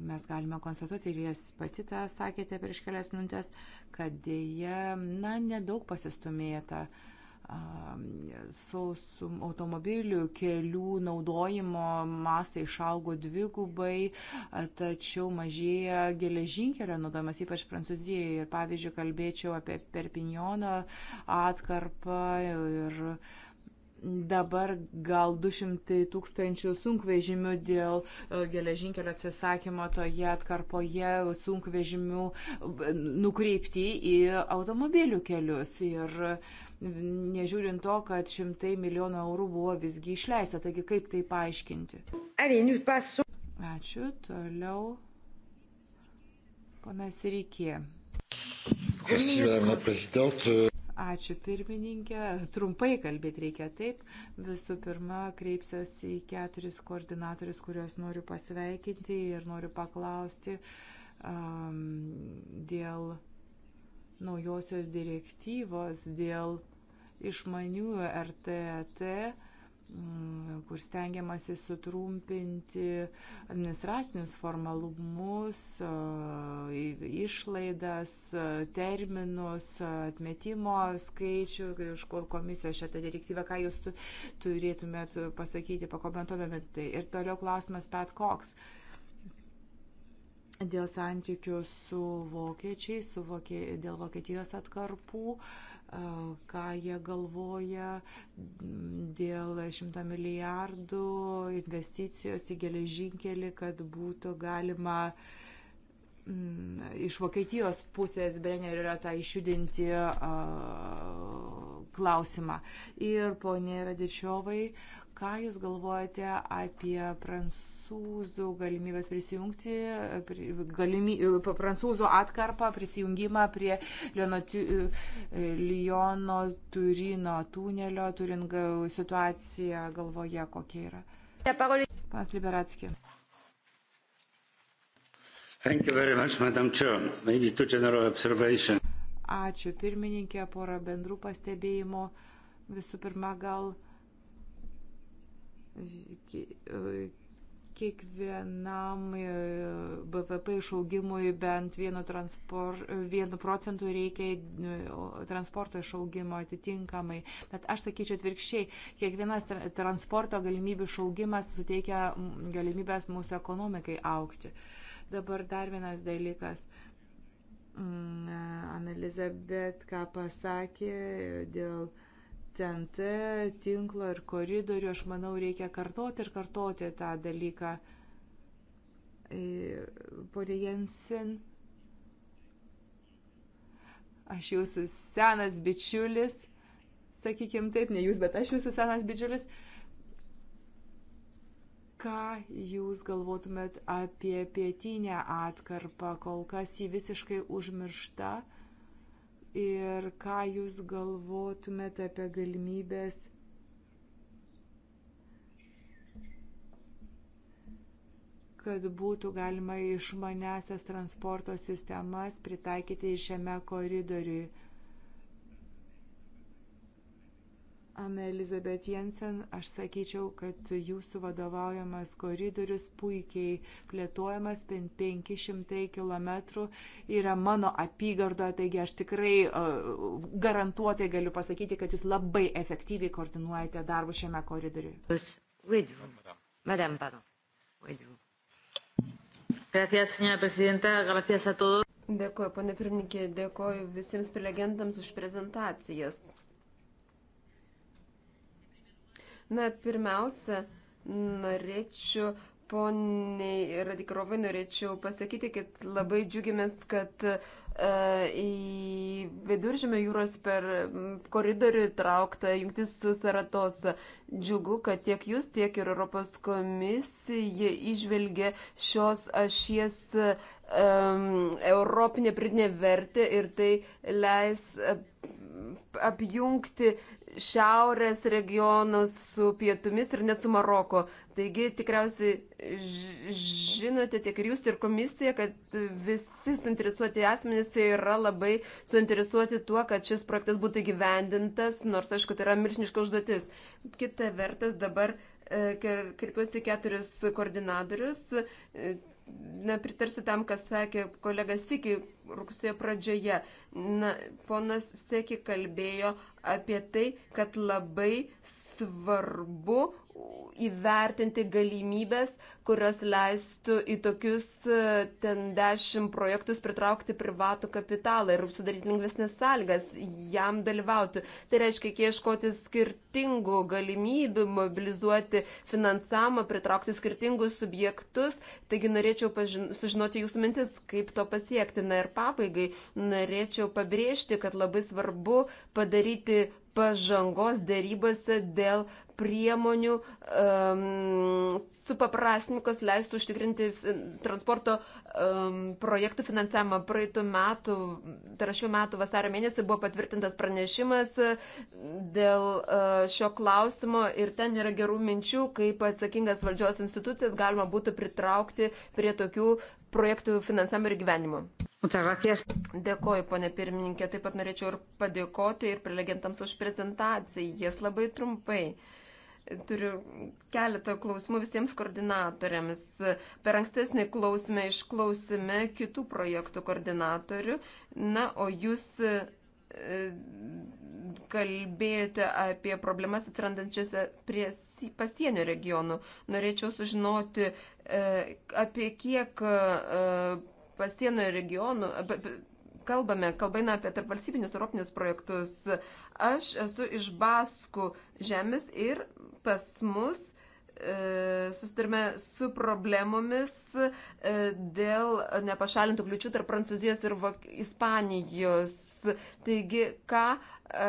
mes galime konstatuoti, ir jūs pati tą sakėte prieš kelias minutės, kad dėje, na, nedaug pasistumėta su automobilių kelių naudojimo masai išaugo dvigubai, tačiau mažėja geležinkelio naudojimas, ypač Prancūzijoje. Ir pavyzdžiui, kalbėčiau apie Perpignono atkarpą ir uh, dabar gal 200 tūkstančių sunkvežimių dėl e, geležinkelio atsisakymo toje atkarpoje sunkvežimių e, nukreipti į automobilių kelius. Ir e, nežiūrint to, kad šimtai milijonų eurų buvo visgi išleista. Taigi kaip tai paaiškinti? Ačiū. Toliau. Ponas Rykė. Merci, Madame la Présidente. Ačiū pirmininkė. Trumpai kalbėti reikia taip. Visų pirma, kreipsiuosi į keturis koordinatorius, kuriuos noriu pasveikinti ir noriu paklausti um, dėl naujosios direktyvos, dėl išmanių RTT Mm, kur stengiamasi sutrumpinti administracinius formalumus, išlaidas, terminus, atmetimo skaičių, iš kur komisijos šitą direktyvą, ką jūs turėtumėt pasakyti, pakomentuotumėt tai. Ir toliau klausimas Pat Cox dėl santykių su vokiečiais, su vokie, dėl Vokietijos atkarpų. Uh, ką jie galvoja dėl šimto milijardų investicijos į geležinkelį, kad būtų galima iš Vokietijos pusės Brennerio yra tą išjudinti klausimą. Ir ponė Radičiovai, ką Jūs galvojate apie prancūzų prancūzų galimybės prisijungti, galimy, prancūzų atkarpą, prisijungimą prie Liono, e, Liono Turino tunelio, turint situaciją galvoje, kokia yra. Pas Liberatski. Thank you very much, Madam Chair. Maybe two general observations. Ačiū pirmininkė, pora bendrų pastebėjimų. Visų pirma, gal e, e, kiekvienam e, BVP išaugimui bent vienu, transpor, vienu procentu reikia e, transporto išaugimo atitinkamai. Bet aš sakyčiau atvirkščiai, kiekvienas transporto galimybių išaugimas suteikia galimybės mūsų ekonomikai aukti. Dabar dar vienas dalykas. Mm, e, Analizabet, ką pasakė dėl TNT tinklo ir koridorių, aš manau, reikia kartoti ir kartoti tą dalyką. Pone Jensen, aš jūsų senas bičiulis, sakykime taip, ne jūs, bet aš jūsų senas bičiulis. Ką jūs galvotumėt apie pietinę atkarpą, kol kas jį visiškai užmiršta? ir ką jūs galvotumėte apie galimybės kad būtų galima išmanesias transporto sistemas pritaikyti šiame koridoriui Ana Elizabet Jensen, aš sakyčiau, kad jūsų vadovaujamas koridorius puikiai plėtojamas, 500 km yra mano apygardoje, taigi aš tikrai uh, garantuotai galiu pasakyti, kad jūs labai efektyviai koordinuojate darbų šiame koridoriuje. Madame, pardon. Gracias, señora presidenta. Gracias a todos. Dėkuoju, pane pirmininkė, dėkuoju visiems prelegentams už prezentacijas. Na, pirmiausia, norėčiau, poniai Radikrovai, norėčiau pasakyti, kad labai džiugimės, kad uh, į viduržėmio jūros per koridorių traukta jungtis su Saratosa. Džiugu, kad tiek jūs, tiek ir Europos komisija išvelgia šios ašies um, europinė pridinė vertė ir tai leis apjungti šiaurės regionus su pietumis ir net su Maroko. Taigi tikriausiai žinote tiek ir jūs, ir komisija, kad visi suinteresuoti asmenys yra labai suinteresuoti tuo, kad šis projektas būtų gyvendintas, nors aišku, tai yra miršniška užduotis. Kita vertas dabar e, kreipiuosi keturis koordinatorius na, pritarsiu tam, kas sakė kolega Siki rugsėjo pradžioje. Na, ponas Siki kalbėjo apie tai, kad labai svarbu įvertinti galimybės, kurios leistų į tokius e, ten dešimt projektus pritraukti privatų kapitalą ir sudaryti lengvesnės sąlygas jam dalyvauti. Tai reiškia, ieškoti skirtingų galimybių, mobilizuoti finansavimą, pritraukti skirtingus subjektus. Taigi norėčiau pažin... sužinoti jūsų mintis, kaip to pasiekti. Na ir pabaigai norėčiau pabrėžti, kad labai svarbu padaryti pažangos dėrybose dėl uh, priemonių um, supaprasnikas leistų užtikrinti transporto um, projektų finansavimą. Praeitų metų, tai yra šių metų vasario mėnesį buvo patvirtintas pranešimas dėl uh, šio klausimo ir ten yra gerų minčių, kaip atsakingas valdžios institucijas galima būtų pritraukti prie tokių projektų finansavimo ir gyvenimo. Dėkoju, ponė pirmininkė, taip pat norėčiau ir padėkoti ir prelegentams už prezentacijas labai trumpai. Turiu keletą klausimų visiems koordinatoriams. Per ankstesnį klausimą išklausime kitų projektų koordinatorių. Na, o jūs e, kalbėjote apie problemas atrandančias prie pasienio regionų. Norėčiau sužinoti, e, apie kiek e, pasienio regionų, kalbame, kalba eina apie tarpvalstybinius europinius projektus. Aš esu iš Baskų žemės ir pas mus e, susitarime su problemomis e, dėl nepašalintų kliučių tarp Prancūzijos ir Vok Ispanijos. Taigi, ką e,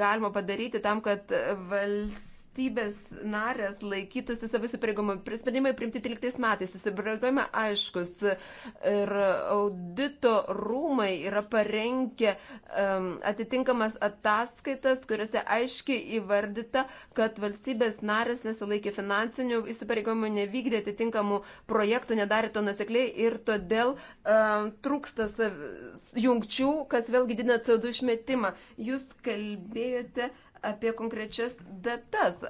galima padaryti tam, kad valstybė valstybės narės laikytųsi savo įsipareigojimų. Sprendimai primti 13 metais, įsipareigojimai aiškus. Ir audito rūmai yra parengę um, atitinkamas ataskaitas, kuriuose aiškiai įvardyta, kad valstybės narės nesilaikė finansinių įsipareigojimų, nevykdė atitinkamų projektų, nedarė to nusekliai ir todėl um, trūksta jungčių, kas vėlgi didina CO2 išmetimą. Jūs kalbėjote apie konkrečias datas.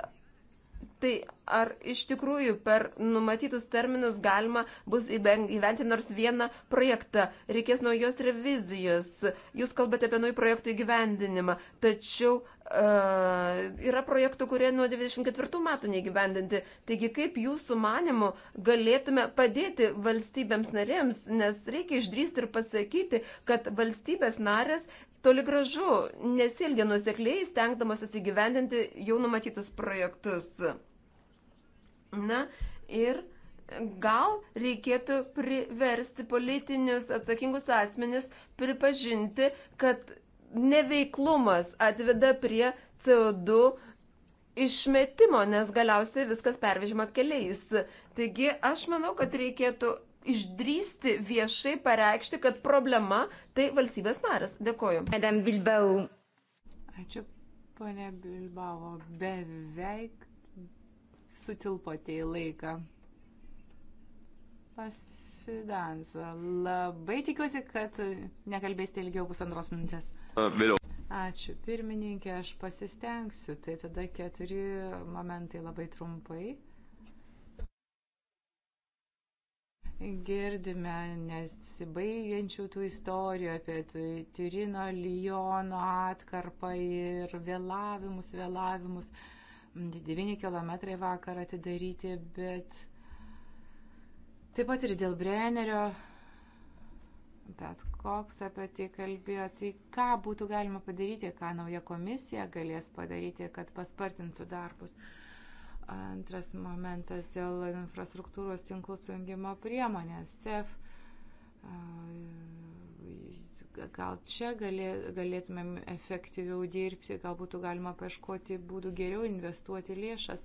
Tai ar iš tikrųjų per numatytus terminus galima bus įventi nors vieną projektą, reikės naujos revizijos, jūs kalbate apie naujų projektų įgyvendinimą, tačiau uh, yra projektų, kurie nuo 94 metų neįgyvendinti. Taigi kaip jūsų manimu galėtume padėti valstybėms narėms, nes reikia išdrysti ir pasakyti, kad valstybės narės toli gražu nesielgia nusekliai, stengdamasis įgyvendinti jau numatytus projektus. Na ir gal reikėtų priversti politinius atsakingus asmenis pripažinti, kad neveiklumas atveda prie CO2 išmetimo, nes galiausiai viskas pervežima keliais. Taigi aš manau, kad reikėtų išdrysti viešai pareikšti, kad problema tai valstybės narės. Dėkoju. Madam Bilbao. Ačiū, ponė Bilbao. Beveik sutilpote į laiką. Pas Fidansą. Labai tikiuosi, kad nekalbėsite ilgiau pusantros minutės. Vėliau. Ačiū pirmininkė, aš pasistengsiu. Tai tada keturi momentai labai trumpai. Girdime nesibaigiančių tų istorijų apie Turino, Lyono atkarpą ir vėlavimus, vėlavimus. 9 km vakar atidaryti, bet taip pat ir dėl Brennerio, bet koks apie tai kalbėjo, tai ką būtų galima padaryti, ką nauja komisija galės padaryti, kad paspartintų darbus. Uh, Antras momentas dėl infrastruktūros tinklų sujungimo priemonės, SEF. Gal čia galėtumėm efektyviau dirbti, gal būtų galima paieškoti būdų geriau investuoti lėšas.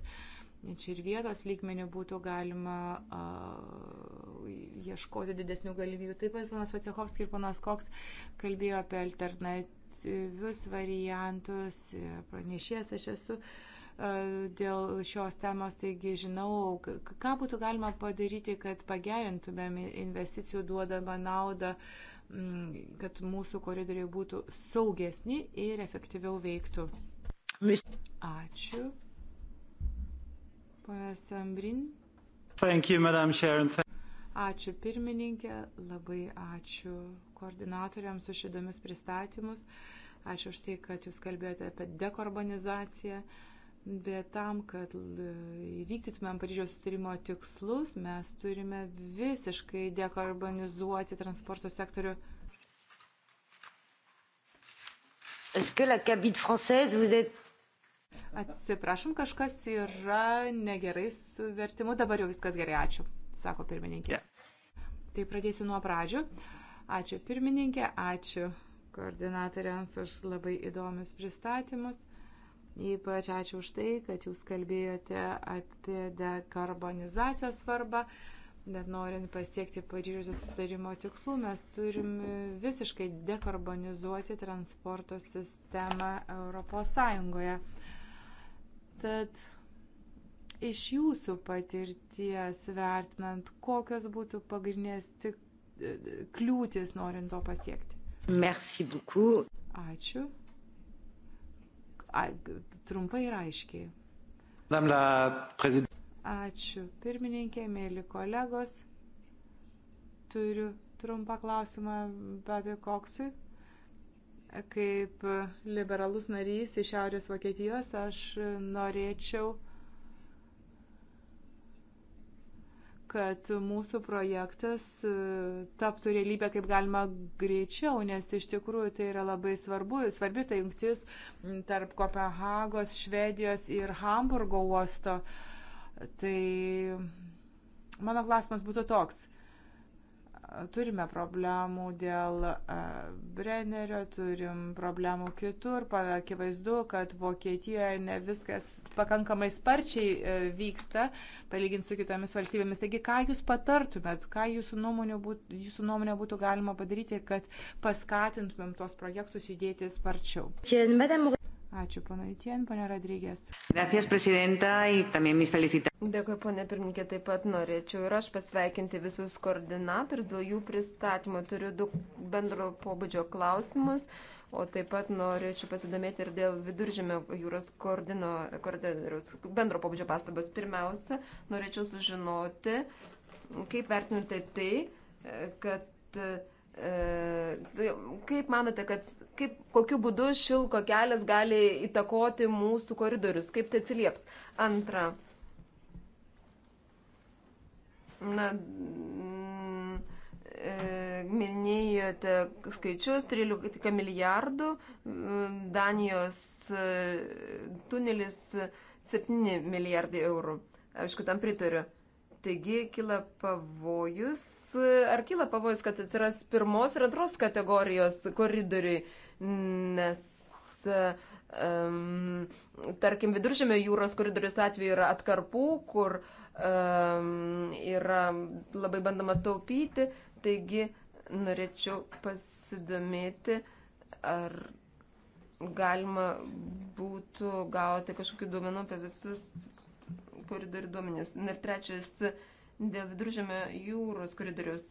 Čia ir vietos lygmenių būtų galima uh, ieškoti didesnių galimybių. Taip pat panas Vacehovskis ir panas Koks kalbėjo apie alternatyvius variantus, pranešės aš esu. Uh, E, dėl šios temos, taigi žinau, ką būtų galima padaryti, kad pagerintumėm investicijų duodamą naudą, kad mūsų koridoriai būtų saugesni ir efektyviau veiktų. Ačiū. Ponas Ambrin. Thank you, Madam Sharon. Ačiū pirmininkė, labai ačiū koordinatoriams už įdomius pristatymus. Ačiū už tai, kad jūs kalbėjote apie dekarbonizaciją. Uh, Bet tam, kad įvykdytumėm Paryžiaus sutarimo tikslus, mes turime visiškai dekarbonizuoti transporto sektorių. Atsiprašom, kažkas yra negerai su vertimu, dabar jau viskas gerai, ačiū, sako pirmininkė. Yeah. Tai pradėsiu nuo pradžių. Ačiū pirmininkė, ačiū koordinatoriams už labai įdomius pristatymus. Ypač ačiū už tai, kad jūs kalbėjote apie dekarbonizacijos svarbą, bet norint pasiekti Paryžiaus sutarimo tikslų, mes turim visiškai dekarbonizuoti transporto sistemą Europos Sąjungoje. Tad iš jūsų patirties vertinant, kokios būtų pagrindinės tik e, e, kliūtis norint to pasiekti. Merci beaucoup. Ačiū a, trumpai ir aiškiai. Ačiū. Pirmininkė, mėly kolegos, turiu trumpą klausimą Petui Koksui. Kaip liberalus narys iš Šiaurės Vokietijos, aš norėčiau kad mūsų projektas e, taptų realybę kaip galima greičiau, nes iš tikrųjų tai yra labai svarbu, svarbi ta jungtis tarp Kopenhagos, Švedijos ir Hamburgo uosto. Tai mano klausimas būtų toks turime problemų dėl e, Brennerio, turim problemų kitur. Akivaizdu, kad Vokietijoje ne viskas pakankamai sparčiai e, vyksta, palyginti su kitomis valstybėmis. Taigi, ką jūs patartumėt, ką jūsų nuomonė, būtų, jūsų nuomonė būtų galima padaryti, kad paskatintumėm tos projektus judėti sparčiau? Ačiū, pana Itien, pana Radrygės. Gracias, prezidenta, ir tamien mis felicita. Dėkui, pana pirmininkė, taip pat norėčiau ir aš pasveikinti visus koordinatorius dėl jų pristatymo. Turiu du bendro pobūdžio klausimus, o taip pat norėčiau pasidomėti ir dėl viduržėmio jūros koordinatorius bendro pobūdžio pastabas. Pirmiausia, norėčiau sužinoti, kaip vertinate tai, kad E, kaip manote, kad kaip, kokiu būdu šilko kelias gali įtakoti mūsų koridorius, kaip tai atsilieps? Antra. Na, e, minėjote skaičius 13 milijardų, e, Danijos tunelis 7 milijardai eurų. Aišku, tam pritariu. Taigi kila pavojus, ar kila pavojus, kad atsiras pirmos ir antros kategorijos koridoriai, nes, um, tarkim, viduržėmio jūros koridorius atveju yra atkarpų, kur um, yra labai bandama taupyti, taigi norėčiau pasidomėti, ar galima būtų gauti kažkokių duomenų apie visus koridorių duomenys. Na ir trečias, dėl viduržėmio jūros koridorius,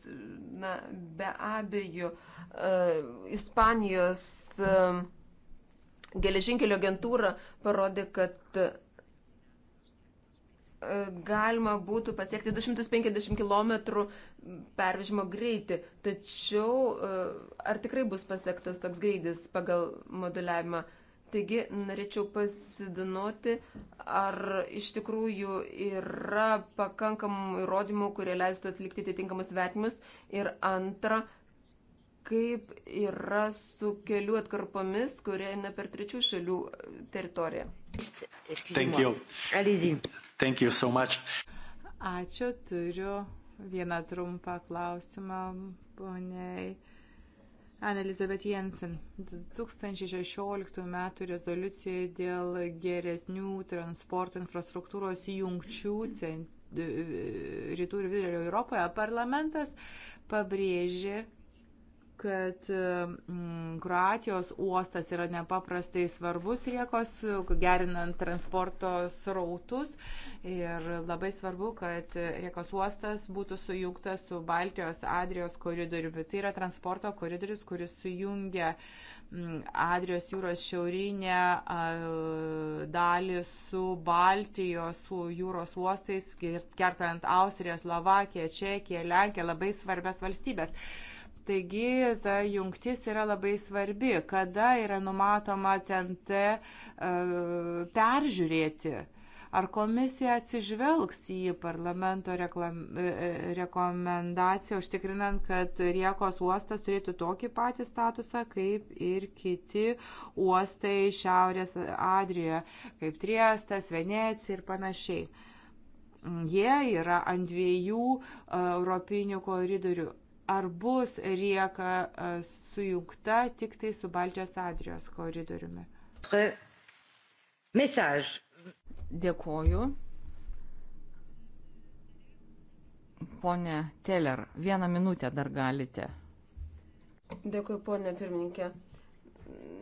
na, be abejo, uh, Ispanijos uh, geležinkelio agentūra parodė, kad uh, galima būtų pasiekti 250 km pervežimo greitį. Tačiau ar tikrai bus pasiektas toks greitis pagal moduliavimą? Uh, Taigi norėčiau pasidinoti, ar iš tikrųjų yra pakankamų įrodymų, kurie leistų atlikti atitinkamus vertimus. Ir antra, kaip yra su kelių atkarpomis, kurie eina per trečių šalių teritoriją. Thank you. Thank you so much. Ačiū, turiu vieną trumpą klausimą, poniai. Elizabeth Jensen 2016 m. rezoliucijoje dėl geresnių transporto infrastruktūros jungčių e, rytų ir vidurio Europoje parlamentas pabrėžė, kad mm, Kroatijos uostas yra nepaprastai svarbus riekos, gerinant transporto srautus. Ir labai svarbu, kad riekos uostas būtų sujungtas su Baltijos Adrijos koridoriumi. Tai yra transporto koridorius, kuris sujungia mm, Adrijos jūros šiaurinę dalį su Baltijos su jūros uostais, kertant Austriją, Slovakiją, Čekiją, Lenkiją, labai svarbias valstybės Taigi ta jungtis yra labai svarbi, kada yra numatoma TNT e, peržiūrėti. Ar komisija atsižvelgs į parlamento reklam, e, e, rekomendaciją, užtikrinant, kad Riekos uostas turėtų tokį patį statusą, kaip ir kiti uostai Šiaurės Adrijoje, kaip Triestas, Venecija ir panašiai. Jie yra ant dviejų uh, europinių koridorių ar bus rieka e, sujungta tik tai su Baltijos Adrijos koridoriumi. Message. Dėkoju. Pone Teller, vieną minutę dar galite. Dėkui, ponė pirmininkė.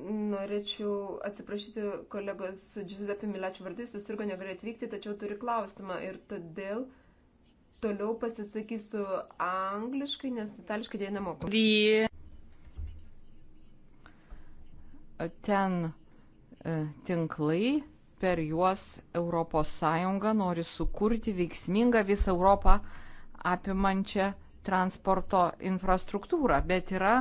Norėčiau atsiprašyti kolegos su Giuseppe Milačiu vardu, jis susirgo, negalėjo atvykti, tačiau turi klausimą ir todėl uh, Toliau pasisakysiu angliškai, nes itališkai dėja nemoku. Ten e, tinklai, per juos ES nori sukurti veiksmingą visą Europą apimančią transporto infrastruktūrą, bet yra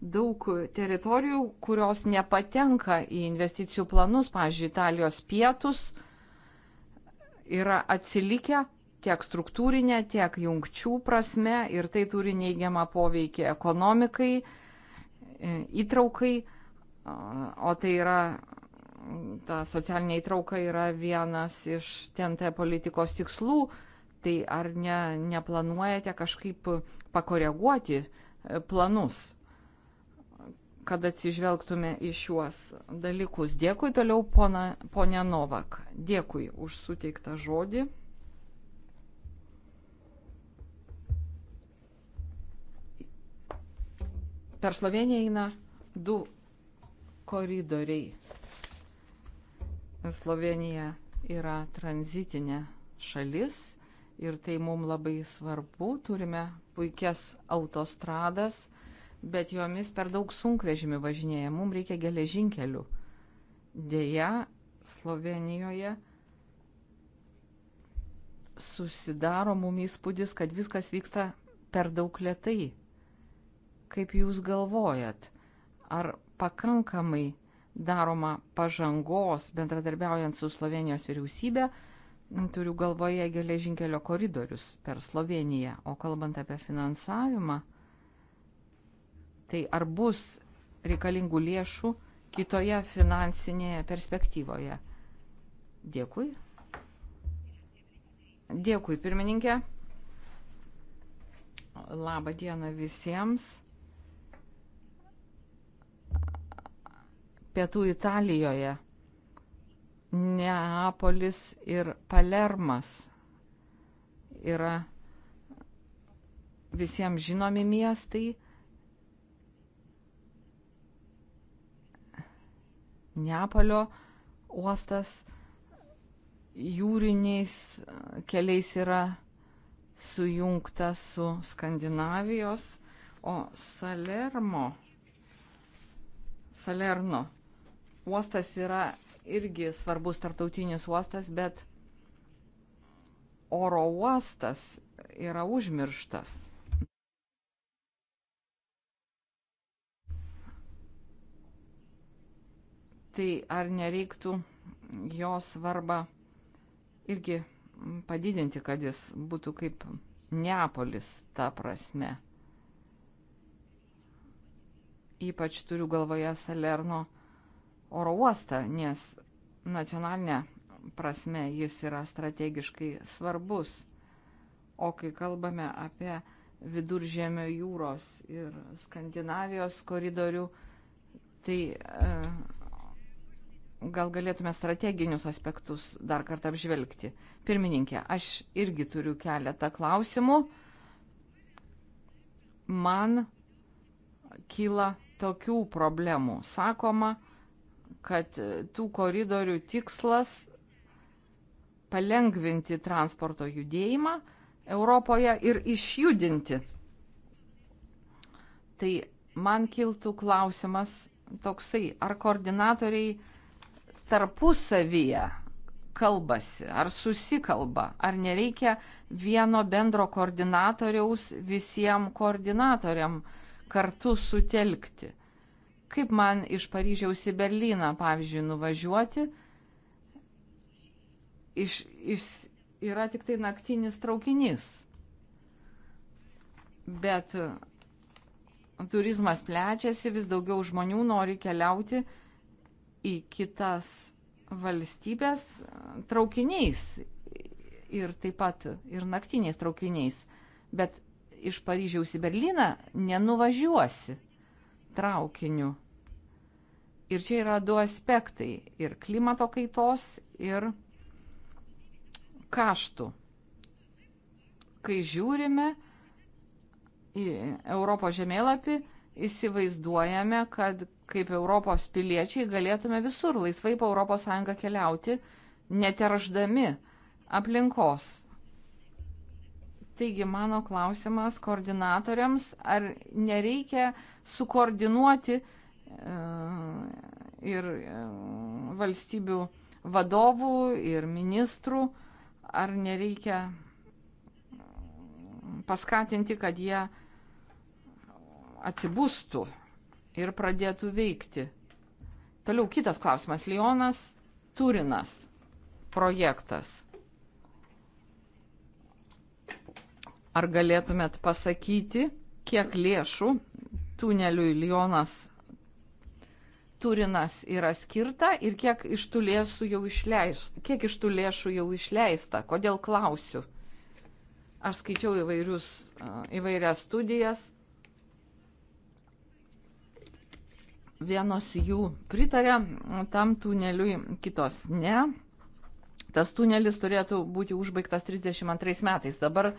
daug teritorijų, kurios nepatenka į investicijų planus, pavyzdžiui, Italijos pietus yra atsilikę tiek struktūrinė, tiek jungčių prasme ir tai turi neigiamą poveikį ekonomikai, e, įtraukai, o tai yra, ta socialinė įtrauka yra vienas iš TNT politikos tikslų, tai ar ne, neplanuojate kažkaip pakoreguoti e, planus, kad atsižvelgtume į šiuos dalykus. Dėkui toliau, pona, ponia Novak. Dėkui už suteiktą žodį. Per Sloveniją eina du koridoriai. Slovenija yra tranzitinė šalis ir tai mums labai svarbu. Turime puikias autostradas, bet jomis per daug sunkvežimių važinėja. Mums reikia geležinkelių. Deja, Slovenijoje susidaro mum įspūdis, kad viskas vyksta per daug lietai. Kaip Jūs galvojat, ar pakankamai daroma pažangos bendradarbiaujant su Slovenijos vyriausybė? Turiu galvoje geležinkelio koridorius per Sloveniją. O kalbant apie finansavimą, tai ar bus reikalingų lėšų kitoje finansinėje perspektyvoje? Dėkui. Dėkui, pirmininkė. Labą dieną visiems. pietų Italijoje - Neapolis ir Palermas yra visiems žinomi miestai. Neapolio uostas jūriniais keliais yra sujungtas su Skandinavijos, o Salermo, Salerno uostas yra irgi svarbus tarptautinis uostas, bet oro uostas yra užmirštas. Tai ar nereiktų jo svarbą irgi padidinti, kad jis būtų kaip Neapolis ta prasme. Ypač turiu galvoje Salerno oro uostą, nes nacionalinė prasme jis yra strategiškai svarbus. O kai kalbame apie viduržėmio jūros ir Skandinavijos koridorių, tai e, gal galėtume strateginius aspektus dar kartą apžvelgti. Pirmininkė, aš irgi turiu keletą klausimų. Man kyla tokių problemų. Sakoma, kad e, tų koridorių tikslas palengvinti transporto judėjimą Europoje ir išjudinti. Tai man kiltų klausimas toksai, ar koordinatoriai tarpusavyje kalbasi, ar susikalba, ar nereikia vieno bendro koordinatoriaus visiems koordinatoriam kartu sutelkti. Kaip man iš Paryžiaus į Berliną, pavyzdžiui, nuvažiuoti? Iš, iš, yra tik tai naktinis traukinys. Bet uh, turizmas plečiasi, vis daugiau žmonių nori keliauti į kitas valstybės uh, traukiniais ir taip pat ir naktiniais traukiniais. Bet iš Paryžiaus į Berliną nenuvažiuosi traukiniu. Ir čia yra du aspektai - ir klimato kaitos, ir kaštų. Kai žiūrime į Europos žemėlapį, įsivaizduojame, kad kaip Europos piliečiai galėtume visur laisvai po ES keliauti, neterždami aplinkos. Taigi mano klausimas koordinatoriams, ar nereikia sukoordinuoti E, ir e, valstybių vadovų, ir ministrų, ar nereikia paskatinti, kad jie atsibūstų ir pradėtų veikti. Toliau kitas klausimas. Lionas Turinas projektas. Ar galėtumėt pasakyti, kiek lėšų tuneliui Lionas turinas yra skirta ir kiek iš tų lėšų jau, išleis, kiek iš tų lėšų jau išleista. Kodėl klausiu? Aš skaičiau įvairius, įvairias studijas. Vienos jų pritarė tam tuneliui, kitos ne. Tas tunelis turėtų būti užbaigtas 32 metais, dabar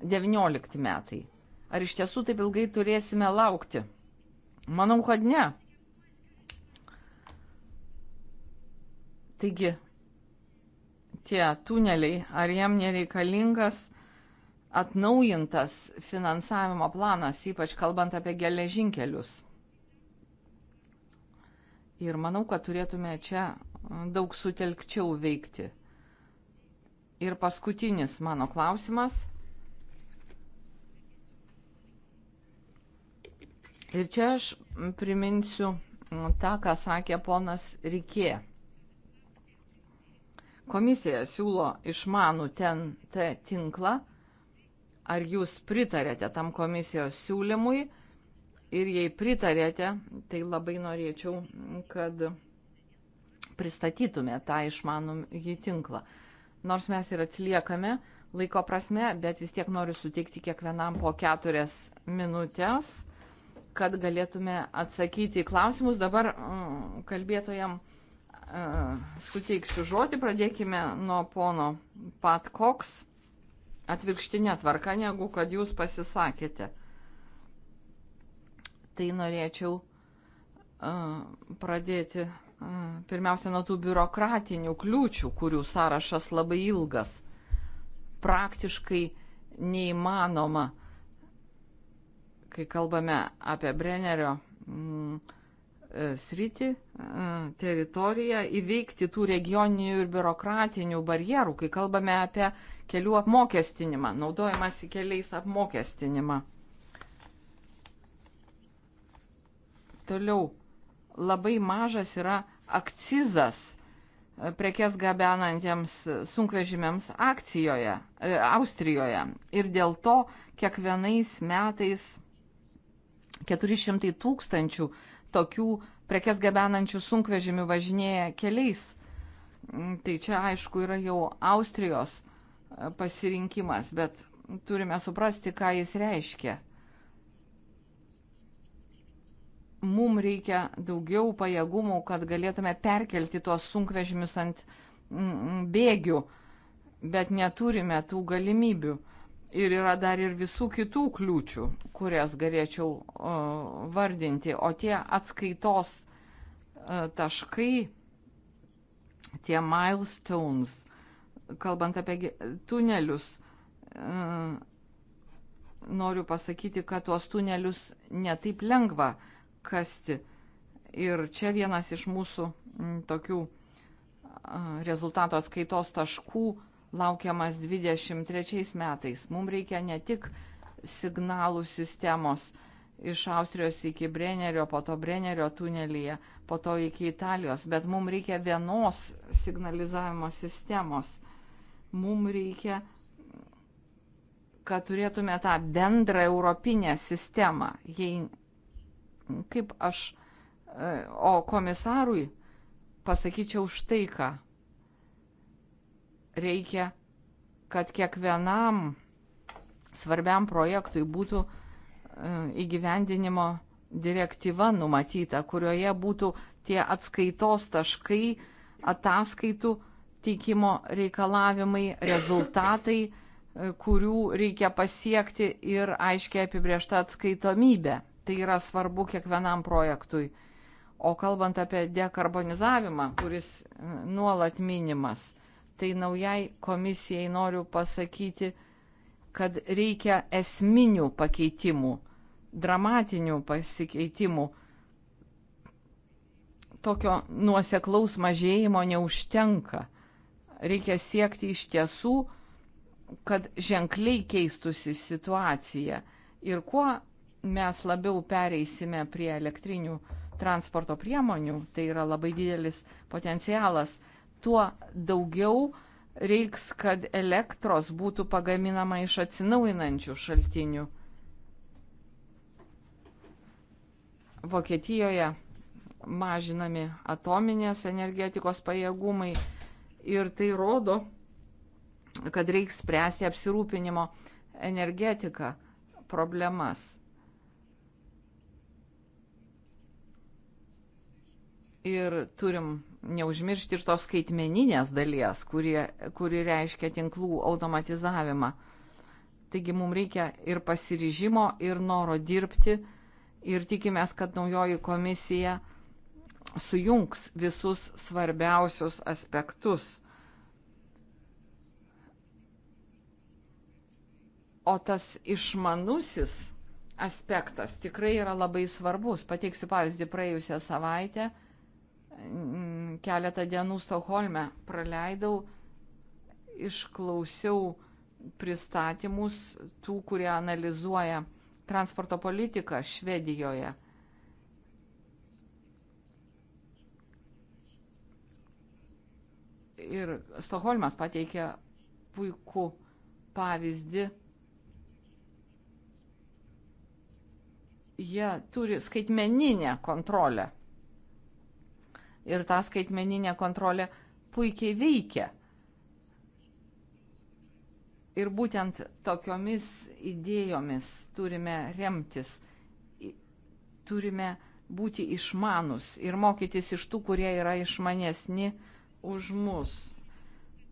19 metai. Ar iš tiesų taip ilgai turėsime laukti? Manau, kad ne. Taigi, tie tuneliai, ar jiem nereikalingas atnaujintas finansavimo planas, ypač kalbant apie geležinkelius. Ir manau, kad turėtume čia daug sutelkčiau veikti. Ir paskutinis mano klausimas. Ir čia aš priminsiu tą, ką sakė ponas Rikė. Komisija siūlo išmanų TNT tinklą. Ar jūs pritarėte tam komisijos siūlymui? Ir jei pritarėte, tai labai norėčiau, kad pristatytume tą išmanom į tinklą. Nors mes ir atsiliekame laiko prasme, bet vis tiek noriu suteikti kiekvienam po keturias minutės, kad galėtume atsakyti į klausimus. Dabar mm, kalbėtojams E, suteiksiu žodį, pradėkime nuo pono Pat Cox atvirkštinė tvarka, negu kad jūs pasisakėte. Tai norėčiau uh, pradėti uh, pirmiausia nuo tų biurokratinių kliūčių, kurių sąrašas labai ilgas. Praktiškai neįmanoma, kai kalbame apie Brennerio mm, E, sritį, e, teritoriją, įveikti tų regioninių ir biurokratinių barjerų, kai kalbame apie kelių apmokestinimą, naudojimąsi keliais apmokestinimą. Toliau, labai mažas yra akcizas e, prekes gabenantiems sunkvežimiams akcijoje, Austrijoje. Ir dėl to kiekvienais metais 400 tūkstančių 000 tokių prekes gabenančių sunkvežimių važinėja keliais. Mm, tai čia aišku yra jau Austrijos e, pasirinkimas, bet turime suprasti, ką jis reiškia. Mums reikia daugiau pajėgumų, kad galėtume perkelti tuos sunkvežimius ant mm, mm, bėgių, bet neturime tų galimybių. Ir yra dar ir visų kitų kliūčių, kurias galėčiau uh, vardinti. O tie atskaitos uh, taškai, tie milestones, kalbant apie tunelius, uh, noriu pasakyti, kad tuos tunelius netaip lengva kasti. Ir čia vienas iš mūsų m, tokių rezultato atskaitos taškų uh, laukiamas 23 metais. Mums reikia ne tik signalų sistemos iš Austrijos iki Brenerio, po to Brenerio tunelyje, po to iki Italijos, bet mums reikia vienos signalizavimo sistemos. Mums reikia, kad turėtume tą bendrą europinę sistemą. Jei, kaip aš, e, o komisarui pasakyčiau štai ką reikia, kad kiekvienam svarbiam projektui būtų e, įgyvendinimo direktyva numatyta, kurioje būtų tie atskaitos taškai, ataskaitų teikimo reikalavimai, rezultatai, e, kurių reikia pasiekti ir aiškiai apibriešta atskaitomybė. Tai yra svarbu kiekvienam projektui. O kalbant apie dekarbonizavimą, kuris e, nuolat minimas, tai naujai komisijai noriu pasakyti, kad reikia esminių pakeitimų, dramatinių pasikeitimų. Tokio nuoseklaus mažėjimo neužtenka. Reikia siekti iš tiesų, kad ženkliai keistusi situacija. Ir kuo mes labiau pereisime prie elektrinių transporto priemonių, tai yra labai didelis potencialas tuo daugiau reiks, kad elektros būtų pagaminama iš atsinaujinančių šaltinių. Vokietijoje mažinami atominės energetikos pajėgumai ir tai rodo, kad reiks spręsti apsirūpinimo energetiką problemas. Ir turim neužmiršti ir tos skaitmeninės dalies, kuri, kuri reiškia tinklų automatizavimą. Taigi mums reikia ir pasiryžimo, ir noro dirbti ir tikimės, kad naujoji komisija sujungs visus svarbiausius aspektus. O tas išmanusis aspektas tikrai yra labai svarbus. Pateiksiu pavyzdį praėjusią savaitę keletą dienų Stokholme praleidau, išklausiau pristatymus tų, kurie analizuoja transporto politiką Švedijoje. Ir Stokholmas pateikė puikų pavyzdį. Jie turi skaitmeninę kontrolę ir ta skaitmeninė kontrolė puikiai veikia. Ir būtent tokiomis idėjomis turime remtis, turime būti išmanus ir mokytis iš tų, kurie yra išmanesni už mus.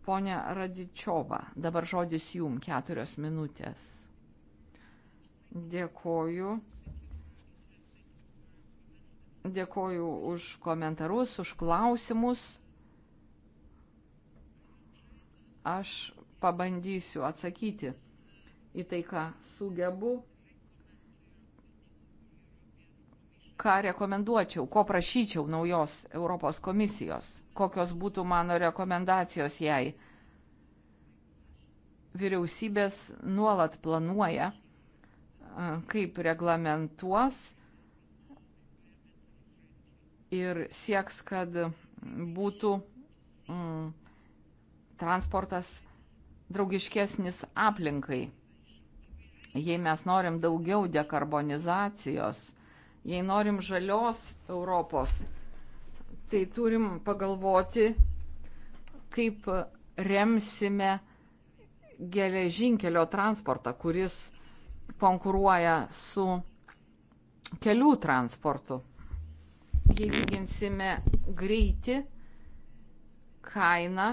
Pone Radičiova, dabar žodis jum keturios minutės. Dėkoju. Dėkoju už komentarus, už klausimus. Aš pabandysiu atsakyti į tai, ką sugebu, ką rekomenduočiau, ko prašyčiau naujos Europos komisijos, kokios būtų mano rekomendacijos jai. Vyriausybės nuolat planuoja, kaip reglamentuos ir sieks, kad būtų mm, transportas draugiškesnis aplinkai. Jei mes norim daugiau dekarbonizacijos, jei norim žalios Europos, tai turim pagalvoti, kaip remsime geležinkelio transportą, kuris konkuruoja su kelių transportu jei lyginsime greitį, kainą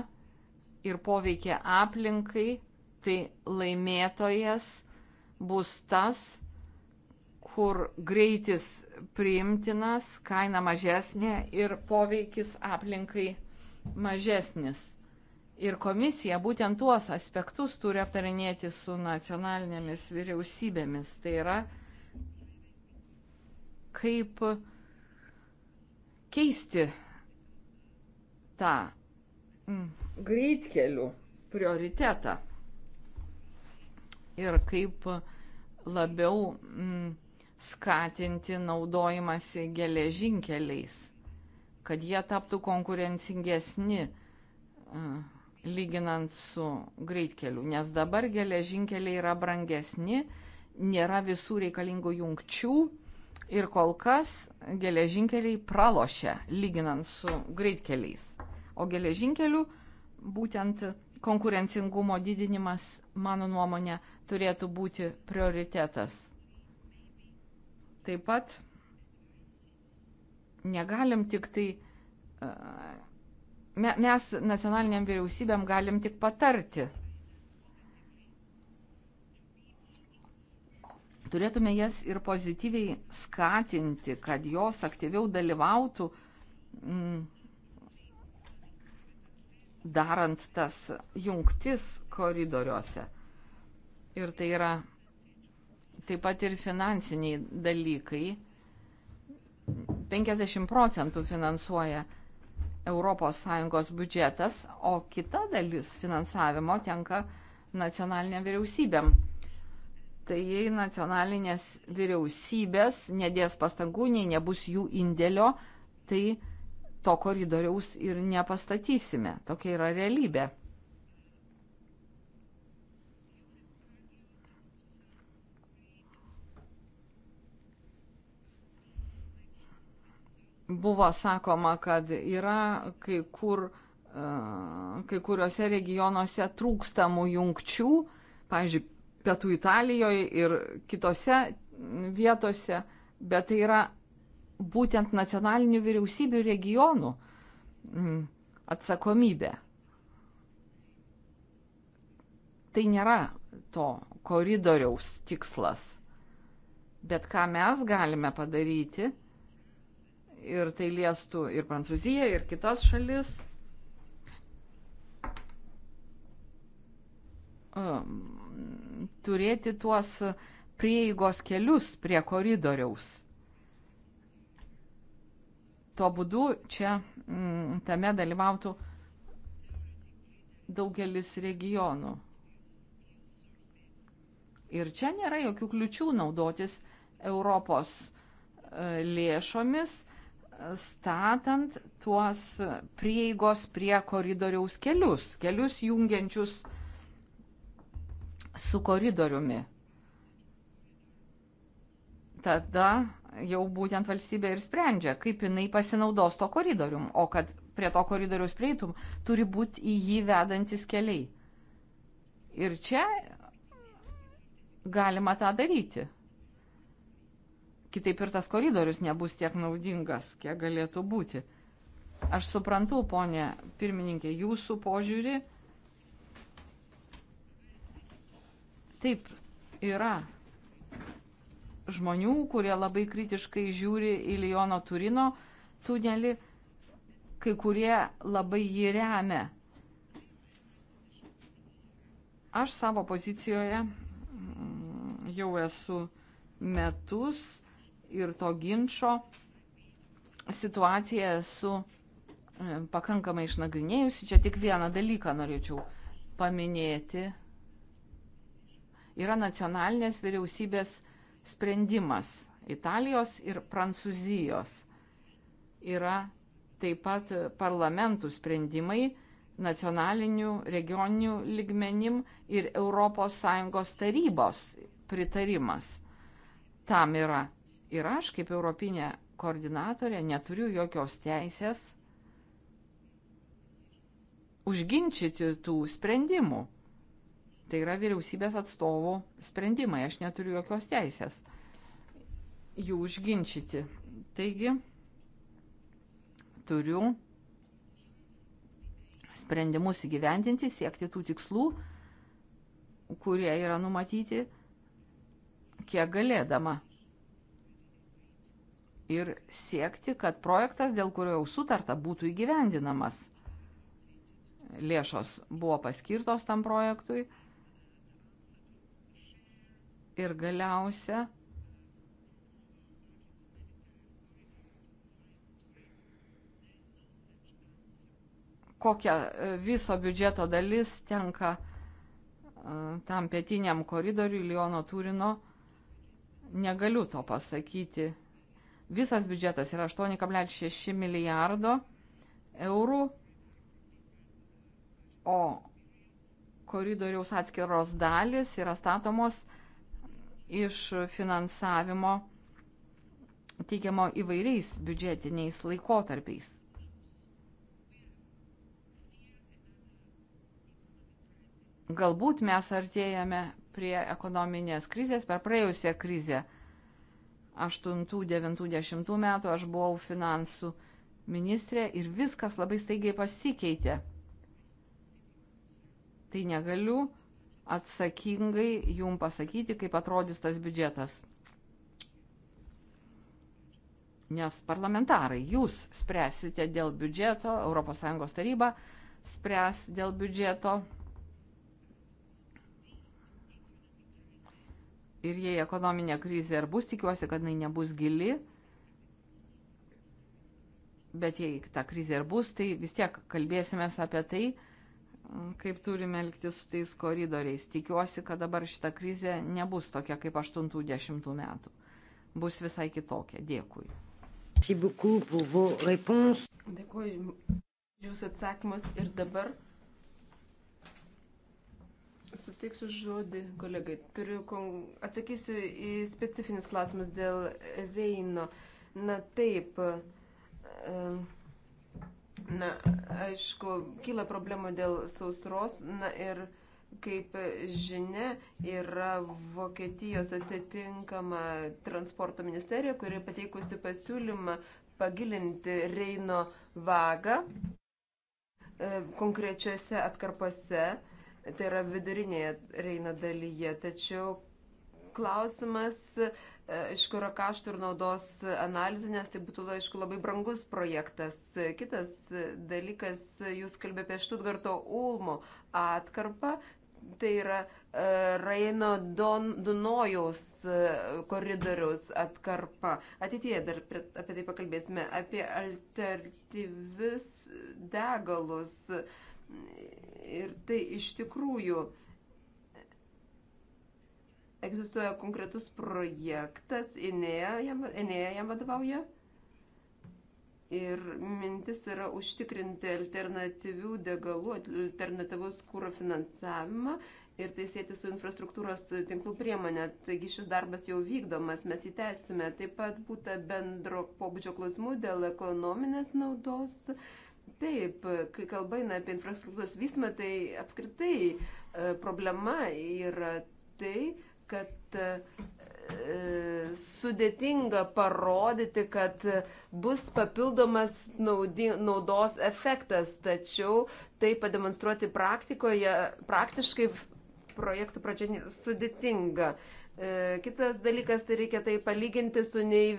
ir poveikį aplinkai, tai laimėtojas bus tas, kur greitis priimtinas, kaina mažesnė ir poveikis aplinkai mažesnis. Ir komisija būtent tuos aspektus turi aptarinėti su nacionalinėmis vyriausybėmis. Tai yra, kaip uh, keisti tą mm, greitkelių prioritetą ir kaip labiau mm, skatinti naudojimąsi geležinkeliais, kad jie taptų konkurencingesni mm, lyginant su greitkeliu, nes dabar geležinkeliai yra brangesni, nėra visų reikalingų jungčių, Ir kol kas geležinkeliai pralošia, lyginant su greitkeliais. O geležinkelių būtent konkurencingumo didinimas, mano nuomonė, turėtų būti prioritetas. Taip pat negalim tik tai, e, mes nacionaliniam vyriausybėm galim tik patarti turėtume jas ir pozityviai skatinti, kad jos aktyviau dalyvautų m, mm, darant tas jungtis koridoriuose. Ir tai yra taip pat ir finansiniai dalykai. 50 procentų finansuoja ES biudžetas, o kita dalis finansavimo tenka nacionalinėm vyriausybėm tai jei nacionalinės vyriausybės nedės pastangų, nei nebus jų indėlio, tai to koridoriaus ir nepastatysime. Tokia yra realybė. Buvo sakoma, kad yra kai, kur, e, kai kuriuose regionuose trūkstamų jungčių, pavyzdžiui, pietų Italijoje ir kitose vietose, bet tai yra būtent nacionalinių vyriausybių regionų mm, atsakomybė. Tai nėra to koridoriaus tikslas. Bet ką mes galime padaryti, ir tai liestų ir Prancūziją, ir kitas šalis, um, turėti tuos prieigos kelius prie koridoriaus. Tuo būdu čia m, mm, tame dalyvautų daugelis regionų. Ir čia nėra jokių kliučių naudotis Europos e, lėšomis, statant tuos prieigos prie koridoriaus kelius, kelius jungiančius uh, su koridoriumi. Tada jau būtent valstybė ir sprendžia, kaip jinai pasinaudos to koridorium, o kad prie to koridoriaus prieitum, turi būti į jį vedantis keliai. Ir čia galima tą daryti. Kitaip ir tas koridorius nebus tiek naudingas, kiek galėtų būti. Aš suprantu, ponė pirmininkė, jūsų požiūrį Taip, yra žmonių, kurie labai kritiškai žiūri į Liono Turino tunelį, kai kurie labai jį remia. Aš savo pozicijoje mm, jau esu metus ir to ginčio situaciją esu mm, pakankamai išnagrinėjusi. Čia tik vieną dalyką norėčiau paminėti yra nacionalinės vyriausybės sprendimas. Italijos ir Prancūzijos yra taip pat parlamentų sprendimai nacionalinių, regioninių ligmenim ir ES tarybos pritarimas. Tam yra. Ir aš kaip Europinė koordinatorė neturiu jokios teisės užginčyti tų sprendimų. Tai yra vyriausybės atstovų sprendimai. Aš neturiu jokios teisės jų užginčyti. Taigi, turiu sprendimus įgyvendinti, siekti tų tikslų, kurie yra numatyti, kiek galėdama. Ir siekti, kad projektas, dėl kurio jau sutarta, būtų įgyvendinamas. Lėšos buvo paskirtos tam projektui Ir galiausia, kokia e, viso biudžeto dalis tenka e, tam pietiniam koridoriui Liono Turino, negaliu to pasakyti. Visas biudžetas yra 8,6 milijardo eurų, o koridoriaus atskiros dalis yra statomos iš finansavimo teikiamo įvairiais biudžetiniais laikotarpiais. Galbūt mes artėjame prie ekonominės krizės per praėjusią krizę. 8-9-10 metų aš buvau finansų ministrė ir viskas labai staigiai pasikeitė. Tai negaliu atsakingai jum pasakyti, kaip atrodys tas biudžetas. Nes parlamentarai, jūs spręsite dėl biudžeto, ES taryba spręs dėl biudžeto. Ir jei ekonominė krizė ar bus, tikiuosi, kad jinai nebus gili, bet jei ta krizė ir bus, tai vis tiek kalbėsime apie tai, kaip turime elgtis su tais koridoriais. Tikiuosi, kad dabar šita krizė nebus tokia kaip 80 metų. Bus visai kitokia. Dėkui. Dėkuoju jūsų atsakymus ir dabar suteiksiu žodį kolegai. Turiu, atsakysiu į specifinius klausimus dėl Reino. Na taip. Uh, Na, aišku, kyla problemų dėl sausros. Na ir, kaip žinia, yra Vokietijos atitinkama transporto ministerija, kuri pateikusi pasiūlymą pagilinti Reino vagą e, konkrečiose atkarpose, tai yra vidurinėje Reino dalyje. Tačiau klausimas, aišku, yra kaštų ir naudos analizė, nes tai būtų, aišku, labai brangus projektas. Kitas dalykas, jūs kalbėjote apie Štutgarto Ulmo atkarpą, tai yra e, Raino Don, Dunojaus e, koridoriaus atkarpa. Ateityje dar prie, apie tai pakalbėsime, apie alternatyvius degalus. Ir tai iš tikrųjų uh, egzistuoja konkretus projektas, Enėja jam, Enėja jam vadovauja. Ir mintis yra užtikrinti alternatyvių degalų, alternatyvus kūro finansavimą ir tai sėti su infrastruktūros tinklų priemonė. Taigi šis darbas jau vykdomas, mes jį tęsime. Taip pat būtų bendro pobūdžio klausimų dėl ekonominės naudos. Taip, kai kalba eina apie infrastruktūros vystymą, tai apskritai e, problema yra tai, kad e, sudėtinga parodyti, kad bus papildomas naudi, naudos efektas, tačiau tai pademonstruoti praktikoje praktiškai projektų pradžia sudėtinga. E, kitas dalykas, tai reikia tai palyginti su nei,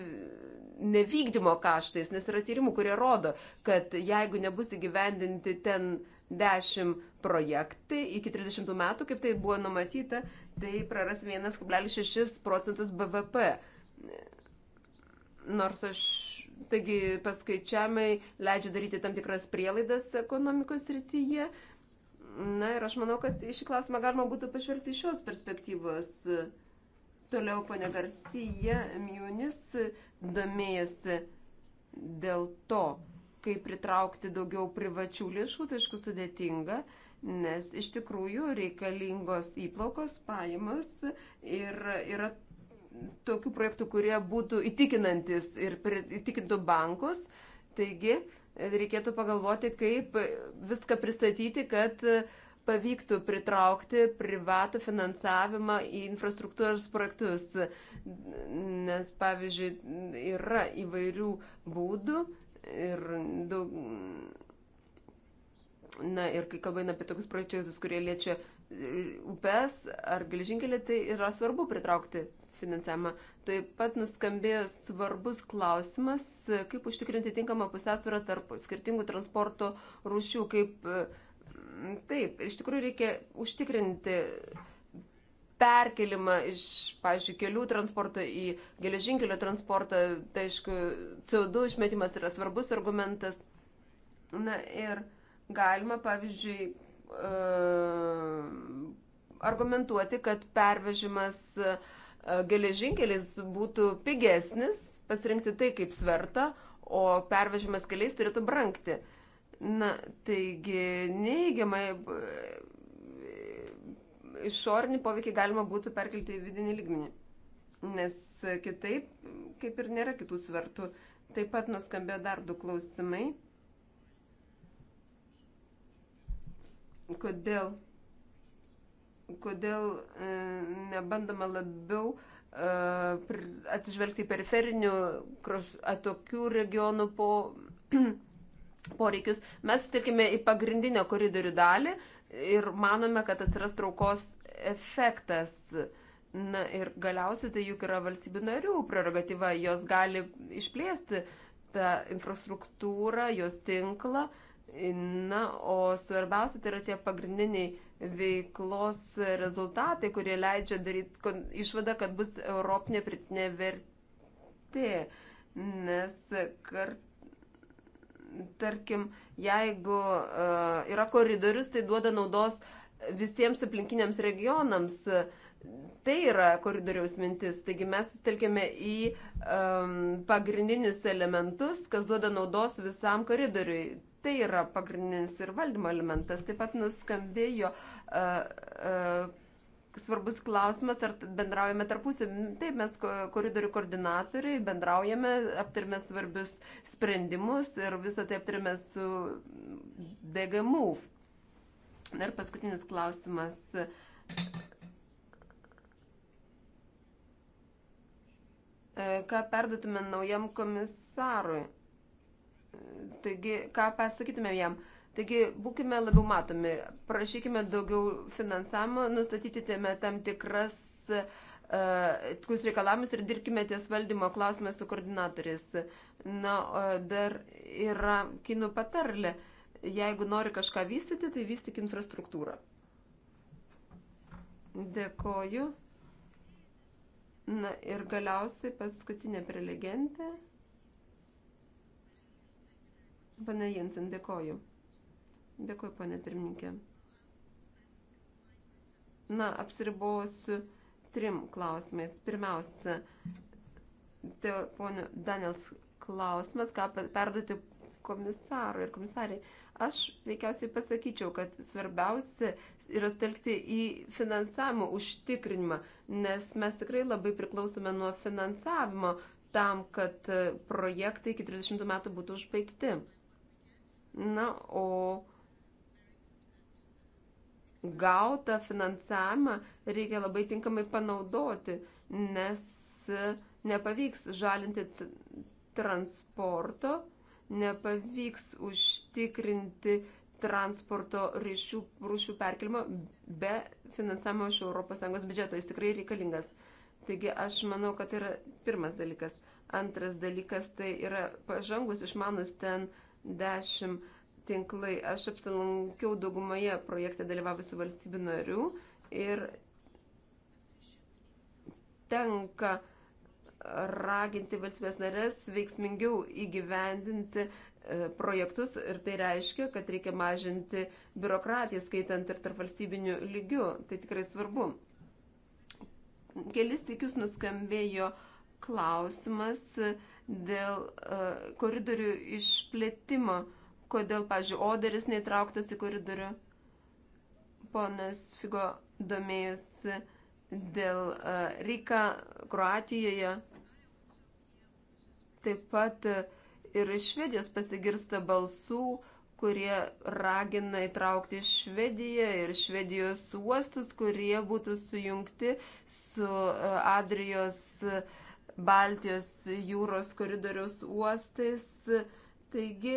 nevykdymo kaštais, nes yra tyrimų, kurie rodo, kad jeigu nebus įgyvendinti ten 10 projektai iki 30 metų, kaip tai buvo numatyta, tai praras 1,6 procentus BVP. Nors aš, taigi paskaičiamai leidžia daryti tam tikras prielaidas ekonomikos rytyje. Na ir aš manau, kad į šį klausimą galima būtų pažvelgti iš šios perspektyvos. Toliau ponia Garcija Mjunis domėjasi dėl to, kaip pritraukti daugiau privačių lėšų, tai aišku sudėtinga. Uh, nes iš tikrųjų reikalingos įplaukos, pajamos ir yra tokių projektų, kurie būtų įtikinantis ir įtikintų bankus. Taigi reikėtų pagalvoti, kaip viską pristatyti, kad pavyktų pritraukti privatų finansavimą į infrastruktūros projektus. Nes, pavyzdžiui, yra įvairių būdų ir daug Na ir kai kalbame apie tokius projektus, kurie liečia e, upes ar geležinkelį, tai yra svarbu pritraukti finansavimą. Taip pat nuskambėjo svarbus klausimas, e, kaip užtikrinti tinkamą pusiausvyrą tarp skirtingų transporto rūšių, kaip e, taip, iš tikrųjų reikia užtikrinti perkelimą iš, pavyzdžiui, kelių transporto į geležinkelio transportą, tai aišku, CO2 išmetimas yra svarbus argumentas. Na ir galima, pavyzdžiui, e, argumentuoti, kad pervežimas e, geležinkelis būtų pigesnis, pasirinkti tai kaip svertą, o pervežimas keliais turėtų brangti. Na, taigi neįgiamai e, išorinį poveikį galima būtų perkelti į vidinį lygmenį, nes kitaip kaip ir nėra kitų svertų. Taip pat nuskambėjo dar du klausimai. kodėl, kodėl e, nebandoma labiau e, atsižvelgti į periferinių atokių regionų po, poreikius. Mes sutikime į pagrindinio koridorių dalį ir manome, kad atsiras traukos efektas. Na ir galiausiai tai juk yra valstybių narių prerogatyva, jos gali išplėsti tą infrastruktūrą, jos tinklą. Uh, Na, o svarbiausia tai yra tie pagrindiniai veiklos rezultatai, kurie leidžia daryti išvadą, kad bus europinė pritinė vertė. Nes kart tarkim, jeigu uh, yra koridorius, tai duoda naudos visiems aplinkiniams regionams. Tai yra koridoriaus mintis. Taigi mes sustelkėme į um, pagrindinius elementus, kas duoda naudos visam koridoriui. Tai yra pagrindinis ir valdymo elementas. Taip pat nuskambėjo uh, uh, svarbus klausimas, ar bendraujame tarpusį. Taip, mes koridorių koordinatoriai bendraujame, aptarime svarbius sprendimus ir visą tai aptarime su DG Move. Ir paskutinis klausimas. E, ką perdutume naujam komisarui? Taigi, ką pasakytume jam? Taigi, būkime labiau matomi, prašykime daugiau finansavimo, nustatyti tam tikras uh, tikrus reikalavimus ir dirbkime ties valdymo klausimais su koordinatoriais. Na, dar yra kinų patarlė. Jeigu nori kažką vystyti, tai vystyk infrastruktūrą. Dėkoju. Na ir galiausiai paskutinė prelegentė. Pane Jensen, dėkoju. Dėkoju, pane pirmininkė. Na, apsiribosiu trim klausimais. Pirmiausia, te, ponio Daniels klausimas, ką perduoti komisarui ir komisariai. Aš veikiausiai pasakyčiau, kad svarbiausia yra stelkti į finansavimo užtikrinimą, nes mes tikrai labai priklausome nuo finansavimo tam, kad e, projektai iki 30 metų būtų užbaigti. Na, o gautą finansavimą reikia labai tinkamai panaudoti, nes nepavyks žalinti transporto, nepavyks užtikrinti transporto ryšių, rūšių perkelimo be finansavimo iš ES biudžeto. Jis tikrai reikalingas. Taigi aš manau, kad tai yra pirmas dalykas. Antras dalykas tai yra pažangus išmanus ten uh, 10 tinklai. Aš apsilankiau daugumoje projekte dalyvavusių valstybių narių ir tenka raginti valstybės narės veiksmingiau įgyvendinti e, projektus ir tai reiškia, kad reikia mažinti biurokratiją, skaitant ir tarp valstybinių lygių. Tai tikrai svarbu. Kelis tikius nuskambėjo klausimas, dėl e, koridorių išplėtimo. Kodėl, pažiūrėjau, oderis neįtrauktas į koridorių? Ponas Figo domėjusi dėl e, Ryka Kroatijoje. Taip pat e, ir iš Švedijos pasigirsta balsų, kurie ragina įtraukti Švediją ir Švedijos uostus, kurie būtų sujungti su Adrijos uh, Baltijos jūros koridoriaus uostais. Taigi,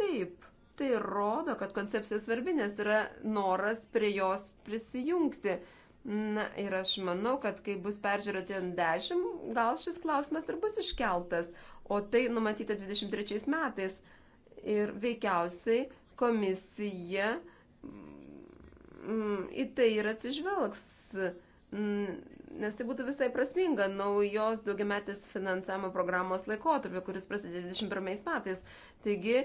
taip, tai rodo, kad koncepcija svarbi, nes yra noras prie jos prisijungti. Na ir aš manau, kad kai bus peržiūrėti N10, gal šis klausimas ir bus iškeltas, o tai numatyta 23 metais. Ir veikiausiai komisija mm, į tai ir atsižvelgs. Mm, nes tai būtų visai prasminga naujos daugiametės finansavimo programos laikotarpio, kuris prasidė 21 metais. Taigi,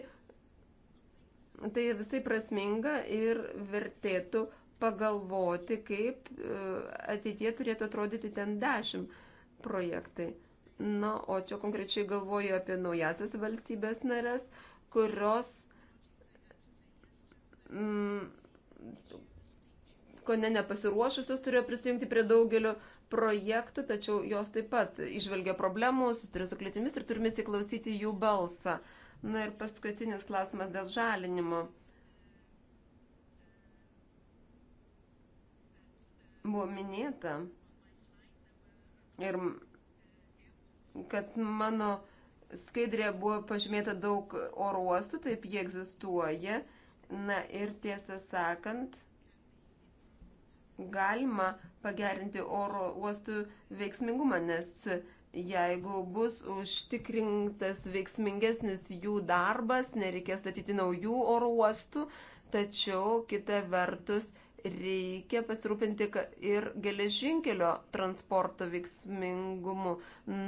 tai visai prasminga ir vertėtų pagalvoti, kaip e, ateitie turėtų atrodyti ten 10 projektai. Na, o čia konkrečiai galvoju apie naujasias valstybės narės, kurios mm, ko ne nepasiruošusios turėjo prisijungti prie daugelio uh, projektų, tačiau jos taip pat išvelgia problemų, susiduria su kliūtimis ir turime įsiklausyti jų balsą. Na ir paskutinis klausimas dėl žalinimo. Buvo minėta ir kad mano skaidrė buvo pažymėta daug oro uostų, taip jie egzistuoja. Na ir tiesą sakant, galima pagerinti oro uostų veiksmingumą, nes jeigu bus užtikrintas veiksmingesnis jų darbas, nereikės statyti naujų oro uostų, tačiau kita vertus reikia pasirūpinti ir geležinkelio transporto veiksmingumu.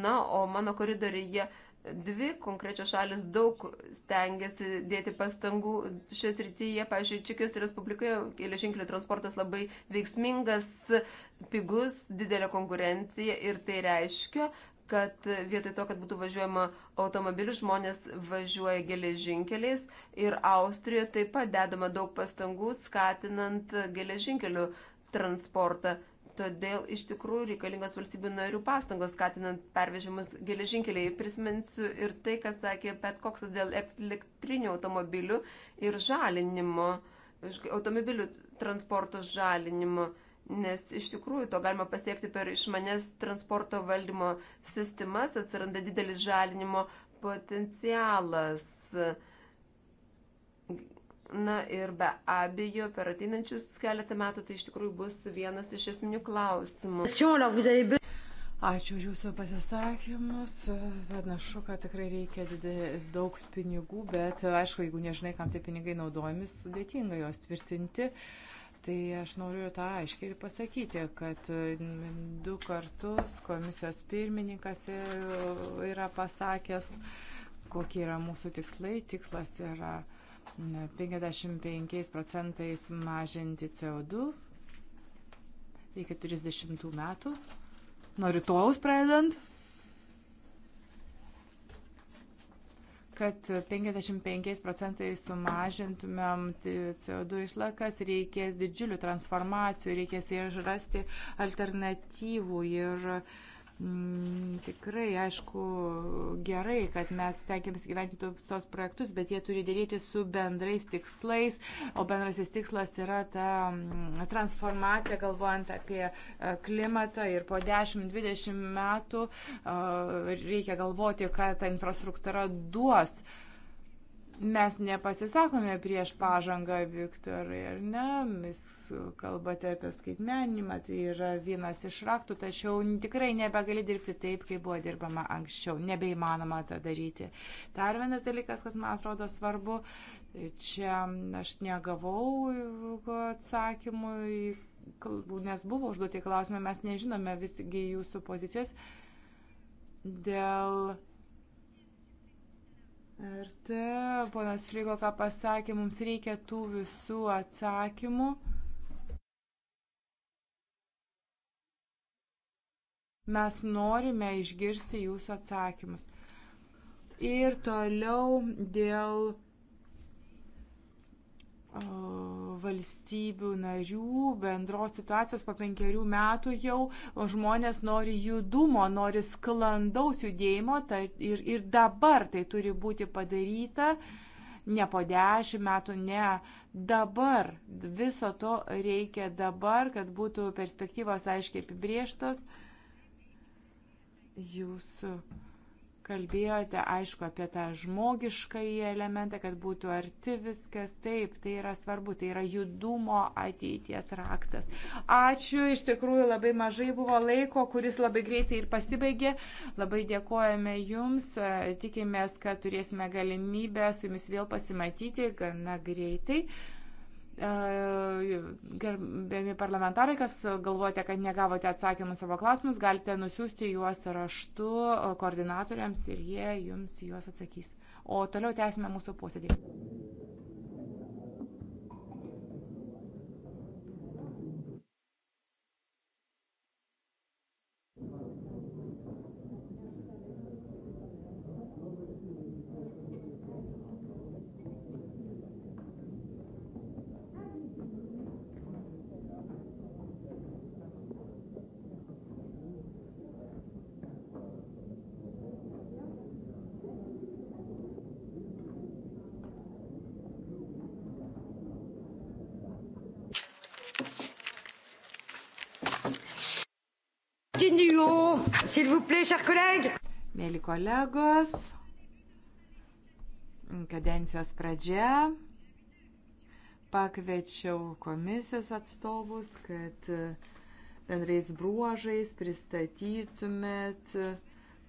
Na, o mano koridoriuje Dvi konkrečios šalis daug stengiasi dėti pastangų šioje srityje. Pavyzdžiui, Čekijos Respublikoje geležinkelių transportas labai veiksmingas, pigus, didelė konkurencija ir tai reiškia, kad vietoj to, kad būtų važiuojama automobilis, žmonės važiuoja geležinkeliais ir Austrijoje taip pat dedama daug pastangų skatinant geležinkelių transportą. Todėl iš tikrųjų reikalingos valstybių narių pastangos skatinant pervežimus geležinkeliai. Prisiminsiu ir tai, kas sakė Pet Koksas dėl elektrinių automobilių ir žalinimo, automobilių transporto žalinimo. Nes iš tikrųjų to galima pasiekti per išmanes transporto valdymo sistemas, atsiranda didelis žalinimo potencialas. Uh, Na ir be abejo, per ateinančius keletą metų tai iš tikrųjų bus vienas iš esminių klausimų. Ačiū už Jūsų pasisakymus. Panašu, kad tikrai reikia didė, daug pinigų, bet aišku, jeigu nežinai, kam tie pinigai naudojami, sudėtinga juos tvirtinti. Tai aš noriu tą aiškiai ir pasakyti, kad mm, du kartus komisijos pirmininkas e, yra pasakęs, kokie yra mūsų tikslai. Tikslas yra 55 procentais mažinti CO2 iki 30 metų, nuo rytojaus pradedant, kad 55 procentais sumažintumėm CO2 išlakas, reikės didžiulių transformacijų, reikės ir rasti alternatyvų ir uh, Mm, tikrai, aišku, gerai, kad mes stengiamės gyventi tos projektus, bet jie turi dėlėti su bendrais tikslais, o bendrasis tikslas yra ta mm, transformacija, galvojant apie e, klimatą ir po 10-20 metų e, reikia galvoti, ką ta infrastruktūra duos. Uh, Mes nepasisakome prieš pažangą, Viktorai, ar ne? Jūs kalbate apie skaitmenimą, tai yra vienas iš raktų, tačiau tikrai nebegali dirbti taip, kaip buvo dirbama anksčiau. Nebeįmanoma tą daryti. Dar vienas dalykas, kas man atrodo svarbu, čia aš negavau atsakymų, nes buvo užduoti klausimai, mes nežinome visgi jūsų pozicijos dėl Ir tai, ponas Frygo, ką pasakė, mums reikia tų visų atsakymų. Mes norime išgirsti jūsų atsakymus. Ir toliau dėl valstybių narių bendros situacijos po penkerių metų jau žmonės nori judumo, nori sklandaus judėjimo tai ir, ir dabar tai turi būti padaryta, ne po dešimt metų, ne dabar. Viso to reikia dabar, kad būtų perspektyvos aiškiai apibrieštos. Jūsų kalbėjote, aišku, apie tą žmogiškąjį elementą, kad būtų arti viskas. Taip, tai yra svarbu, tai yra judumo ateities raktas. Ačiū, iš tikrųjų labai mažai buvo laiko, kuris labai greitai ir pasibaigė. Labai dėkojame Jums, tikimės, kad turėsime galimybę su Jumis vėl pasimatyti gana greitai. E, Gerbėmi parlamentarai, kas galvojate, kad negavote atsakymų savo klausimus, galite nusiųsti juos raštu koordinatoriams ir jie jums juos atsakys. O toliau tęsime mūsų posėdį. bureau, s'il vous plaît, chers collègues. Mėly kolegos, kadencijos pradžia pakviečiau komisijos atstovus, kad e, bendrais bruožais pristatytumėt,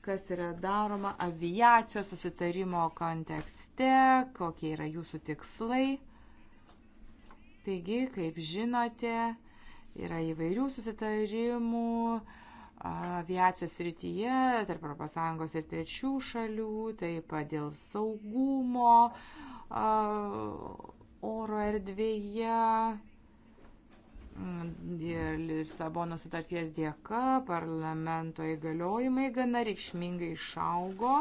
kas yra daroma aviacijos susitarimo kontekste, kokie yra jūsų tikslai. Taigi, kaip žinote, yra įvairių susitarimų, aviacijos srityje tarp ES ir trečių šalių, taip pat dėl saugumo oro erdvėje. Ir Lisabono sutarties dėka parlamento įgaliojimai gana reikšmingai išaugo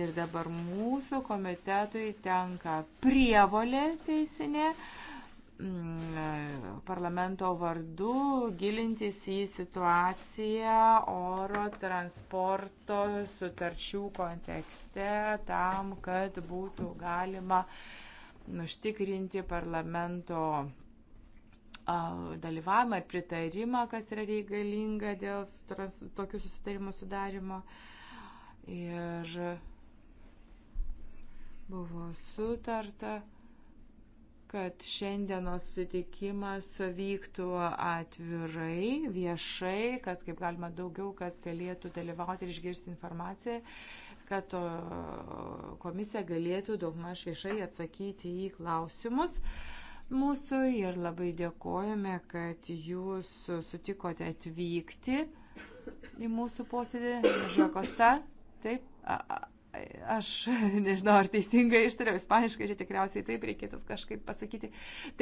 ir dabar mūsų komitetui tenka prievolė teisinė uh, Mm, parlamento vardu gilintis į situaciją oro transporto sutarčių kontekste tam, kad būtų galima užtikrinti parlamento dalyvavimą ir pritarimą, kas yra reikalinga dėl tokių susitarimų sudarimo. Ir buvo sutarta kad šiandienos sutikimas vyktų atvirai, viešai, kad kaip galima daugiau kas galėtų dalyvauti ir išgirsti informaciją, kad komisija galėtų daugmaž viešai atsakyti į klausimus mūsų ir labai dėkojame, kad jūs sutikote atvykti į mūsų posėdį. Žiokosta, taip, Aš nežinau, ar teisingai ištariau ispaniškai, čia tikriausiai taip reikėtų kažkaip pasakyti.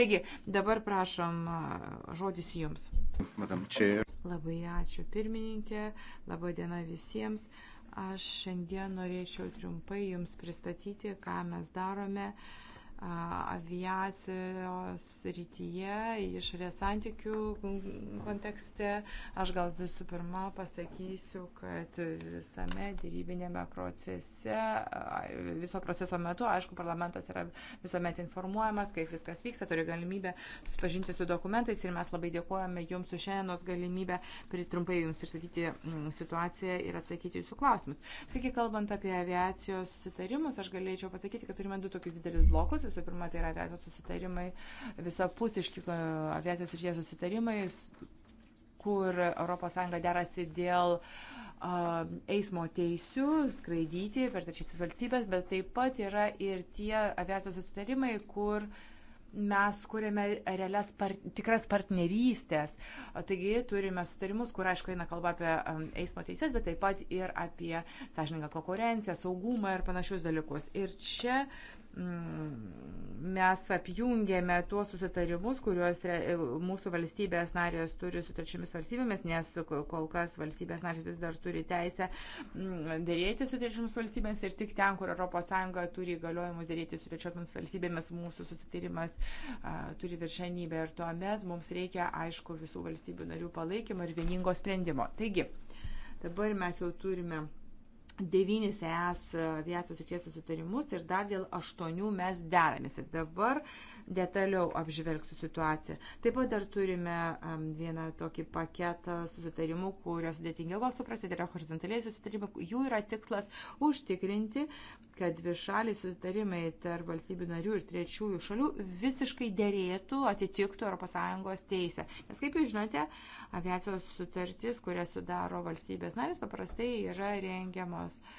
Taigi, dabar prašom žodis jums. Madam Čia. Labai ačiū pirmininkė, laba diena visiems. Aš šiandien norėčiau trumpai jums pristatyti, ką mes darome. Uh, aviacijos rytyje, išorės santykių kontekste. Aš gal visų pirma pasakysiu, kad visame dėrybinėme procese, viso proceso metu, aišku, parlamentas yra visuomet informuojamas, kaip viskas vyksta, turi galimybę susipažinti su dokumentais ir mes labai dėkojame Jums už šiandienos galimybę trumpai Jums pristatyti mm, situaciją ir atsakyti Jūsų klausimus. Taigi, kalbant apie aviacijos sutarimus, aš galėčiau pasakyti, kad turime du tokius didelius blokus Visų pirma, tai yra aviacijos susitarimai, visapusiški e, aviacijos ir jie susitarimai, kur ES derasi dėl uh, eismo teisių skraidyti per trečiasis valstybės, bet taip pat yra ir tie aviacijos susitarimai, kur mes kūrėme realias par, tikras partnerystės. Taigi turime sutarimus, kur aišku eina kalba apie um, eismo teises, bet taip pat ir apie sąžininką konkurenciją, saugumą ir panašius dalykus. Ir čia uh, Mm, mes apjungėme tuos susitarimus, kuriuos mūsų valstybės narės turi su trečiomis valstybėmis, nes kol kas valstybės narės vis dar turi teisę mm, dėrėti su trečiomis valstybėmis ir tik ten, kur ES turi įgaliojimus dėrėti su trečiomis valstybėmis, mūsų susitarimas turi viršenybę ir tuomet mums reikia, aišku, visų valstybių narių palaikymo ir vieningo sprendimo. Taigi, dabar mes jau turime devynis ES aviacijos ryties susitarimus ir dar dėl aštuonių mes deramės. Ir dabar detaliau apžvelgsiu situaciją. Taip pat dar turime vieną tokį paketą susitarimų, kurio sudėtingiau gal suprasti, tai yra horizontaliai susitarimai. Jų yra tikslas užtikrinti, kad višaliai susitarimai tarp valstybių narių ir trečiųjų šalių visiškai dėrėtų, atitiktų ES teisę. Nes kaip jūs žinote, aviacijos sutartis, kurias sudaro valstybės narės, paprastai yra rengiamos uh,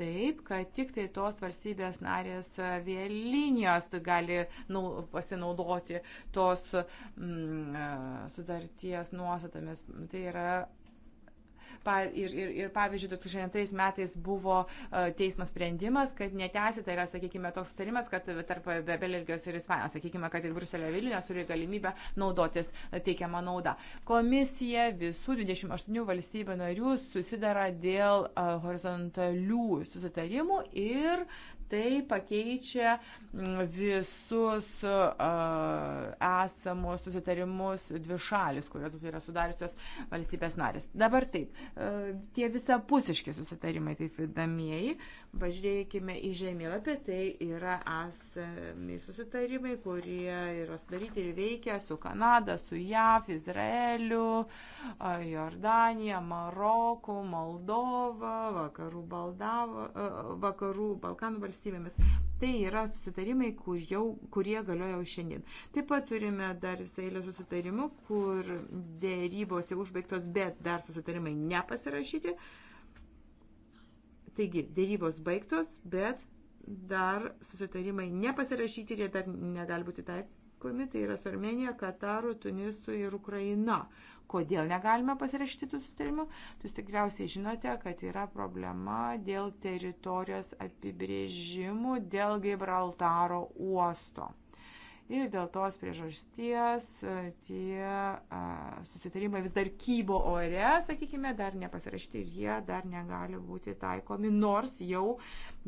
taip, kad tik tai tos valstybės narės vėlinijos gali nu, pasinaudoti tos mm, sudarties nuostatomis. Tai yra Pa, ir, ir, ir pavyzdžiui, 2002 metais buvo e, teismo sprendimas, kad netesi, tai yra, sakykime, toks sutarimas, kad tarp Belgijos ir Ispanijos, sakykime, kad ir Bruselio Vilnius turi galimybę naudotis e, teikiamą naudą. Komisija visų 28 valstybių narių susidara dėl e, horizontalių susitarimų ir tai pakeičia mm, visus esamos susitarimus dvišalis, kurios yra sudariusios valstybės narės. Dabar taip, tie visapusiški susitarimai, taip vidamieji, Važiūrėkime į žemėlapį, tai yra esami susitarimai, kurie yra sudaryti ir veikia su Kanada, su JAV, Izraeliu, Jordanija, Maroku, Moldova, Vakarų, Baldavo, vakarų Balkanų valstybėmis. Tai yra susitarimai, kur jau, kurie galioja jau šiandien. Taip pat turime dar visą eilę susitarimų, kur dėrybos jau užbaigtos, bet dar susitarimai nepasirašyti. Uh, Taigi, dėrybos baigtos, bet dar susitarimai nepasirašyti ir jie dar negali būti taikomi. Tai yra su Armenija, Kataru, Tunisu ir Ukraina. Kodėl negalime pasirašyti tų susitarimų? Jūs tikriausiai žinote, kad yra problema dėl teritorijos apibrėžimų, dėl Gibraltaro uosto. Ir dėl tos priežasties e, tie a, susitarimai vis dar kybo ore, sakykime, dar nepasirašyti ir jie dar negali būti taikomi, nors jau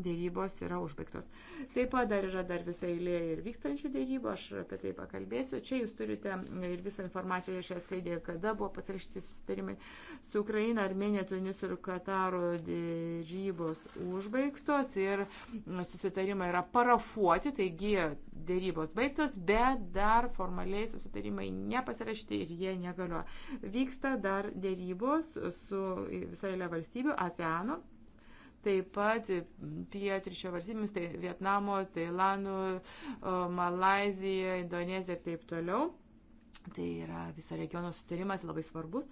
dėrybos yra užbaigtos. Taip pat dar yra dar visa eilė ir vykstančių dėrybų, aš apie tai pakalbėsiu. Čia jūs turite ir visą informaciją šioje skaidėje, kada buvo pasirašyti susitarimai su Ukraina, Armenija, Tunisu ir Kataro dėrybos užbaigtos ir susitarimai yra parafuoti, taigi dėrybos baigtos, bet dar formaliai susitarimai nepasirašyti ir jie negaliuoja. Vyksta dar dėrybos su visai eilė valstybių, ASEANO, Taip pat pietričio valstybėmis, tai Vietnamo, Tailandų, Malazija, Indonezija ir taip toliau. Tai yra viso regiono sutarimas labai svarbus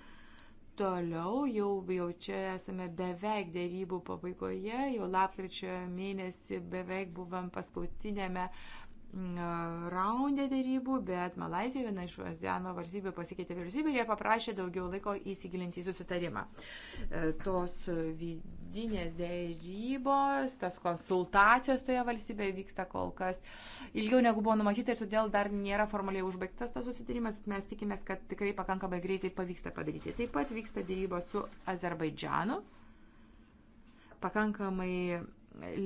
toliau jau, jau čia esame beveik dėrybų pabaigoje, jau lapkričio mėnesį beveik buvom paskutinėme raundė dėrybų, bet Malazijoje viena iš ASEANO valstybių pasikeitė vyriausybė ir jie paprašė daugiau laiko įsigilinti į susitarimą. E, tos vidinės dėrybos, tas konsultacijos toje valstybėje vyksta kol kas ilgiau negu buvo numatyta ir todėl dar nėra formaliai užbaigtas tas susitarimas, bet mes tikimės, kad tikrai pakankamai greitai pavyksta padaryti. Taip pat vyksta dėrybos su Azerbaidžanu. Pakankamai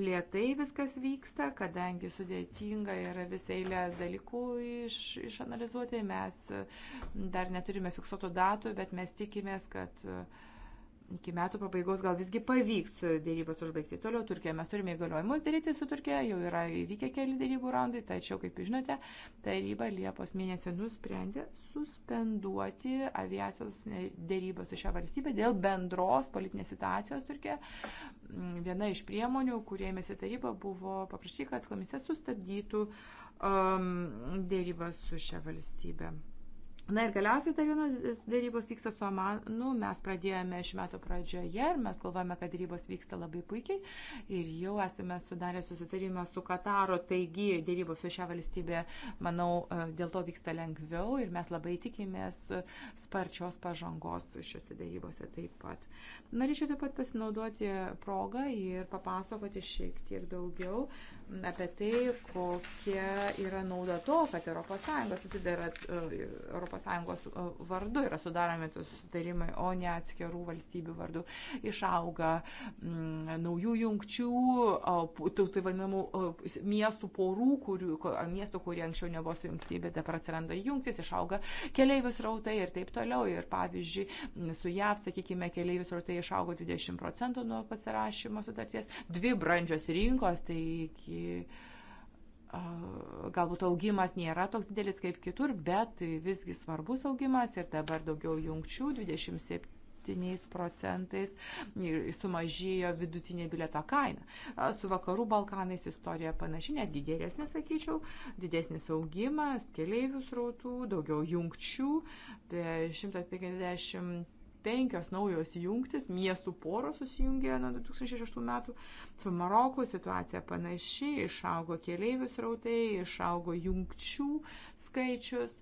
lietai viskas vyksta, kadangi sudėtinga yra visai eilė dalykų iš, išanalizuoti. Mes dar neturime fiksuotų datų, bet mes tikimės, kad uh, iki metų pabaigos gal visgi pavyks dėrybas užbaigti. Toliau Turkija. Mes turime įgaliojimus dėrėti su Turkija, jau yra įvykę keli dėrybų raundai, tačiau, kaip žinote, taryba Liepos mėnesį nusprendė suspenduoti aviacijos dėrybą su šią valstybę dėl bendros politinės situacijos Turkija. Mm, viena iš priemonių, kuriemėsi taryba, buvo paprašyti, kad komisija sustabdytų um, dėrybas su šią valstybę. Na ir galiausiai dar vienas darybos vyksta su Amanu. Mes pradėjome šių metų pradžioje ir mes galvojame, kad darybos vyksta labai puikiai. Ir jau esame sudarę susitarimą su Kataro, taigi darybos su šią valstybę, manau, e, dėl to vyksta lengviau ir mes labai tikimės sparčios pažangos šiuose darybose taip pat. Norėčiau taip pat pasinaudoti progą ir papasakoti šiek tiek daugiau apie tai, kokia yra nauda to, kad ES susidara. ES ES e, vardu yra sudaromi tos susitarimai, o ne atskirų valstybių vardu. Išauga m, mm, naujų jungčių, tai vadinamų miestų porų, kurių, miestų, kurie anksčiau nebuvo sujungti, bet dabar atsiranda jungtis, išauga keliaivius rautai ir taip toliau. Ir pavyzdžiui, su JAV, sakykime, keliaivius rautai išaugo 20 procentų nuo pasirašymo sutarties. Dvi brandžios rinkos, tai iki galbūt augimas nėra toks didelis kaip kitur, bet visgi svarbus augimas ir dabar daugiau jungčių 27 procentais sumažėjo vidutinė bileto kaina. Su vakarų Balkanais istorija panaši, netgi geresnė, sakyčiau, didesnis augimas, keliaivių srautų, daugiau jungčių, 150 penkios naujos jungtis, miestų poros susijungė nuo 2006 metų. Su Maroku situacija panaši, išaugo keliaivių srautai, išaugo jungčių skaičius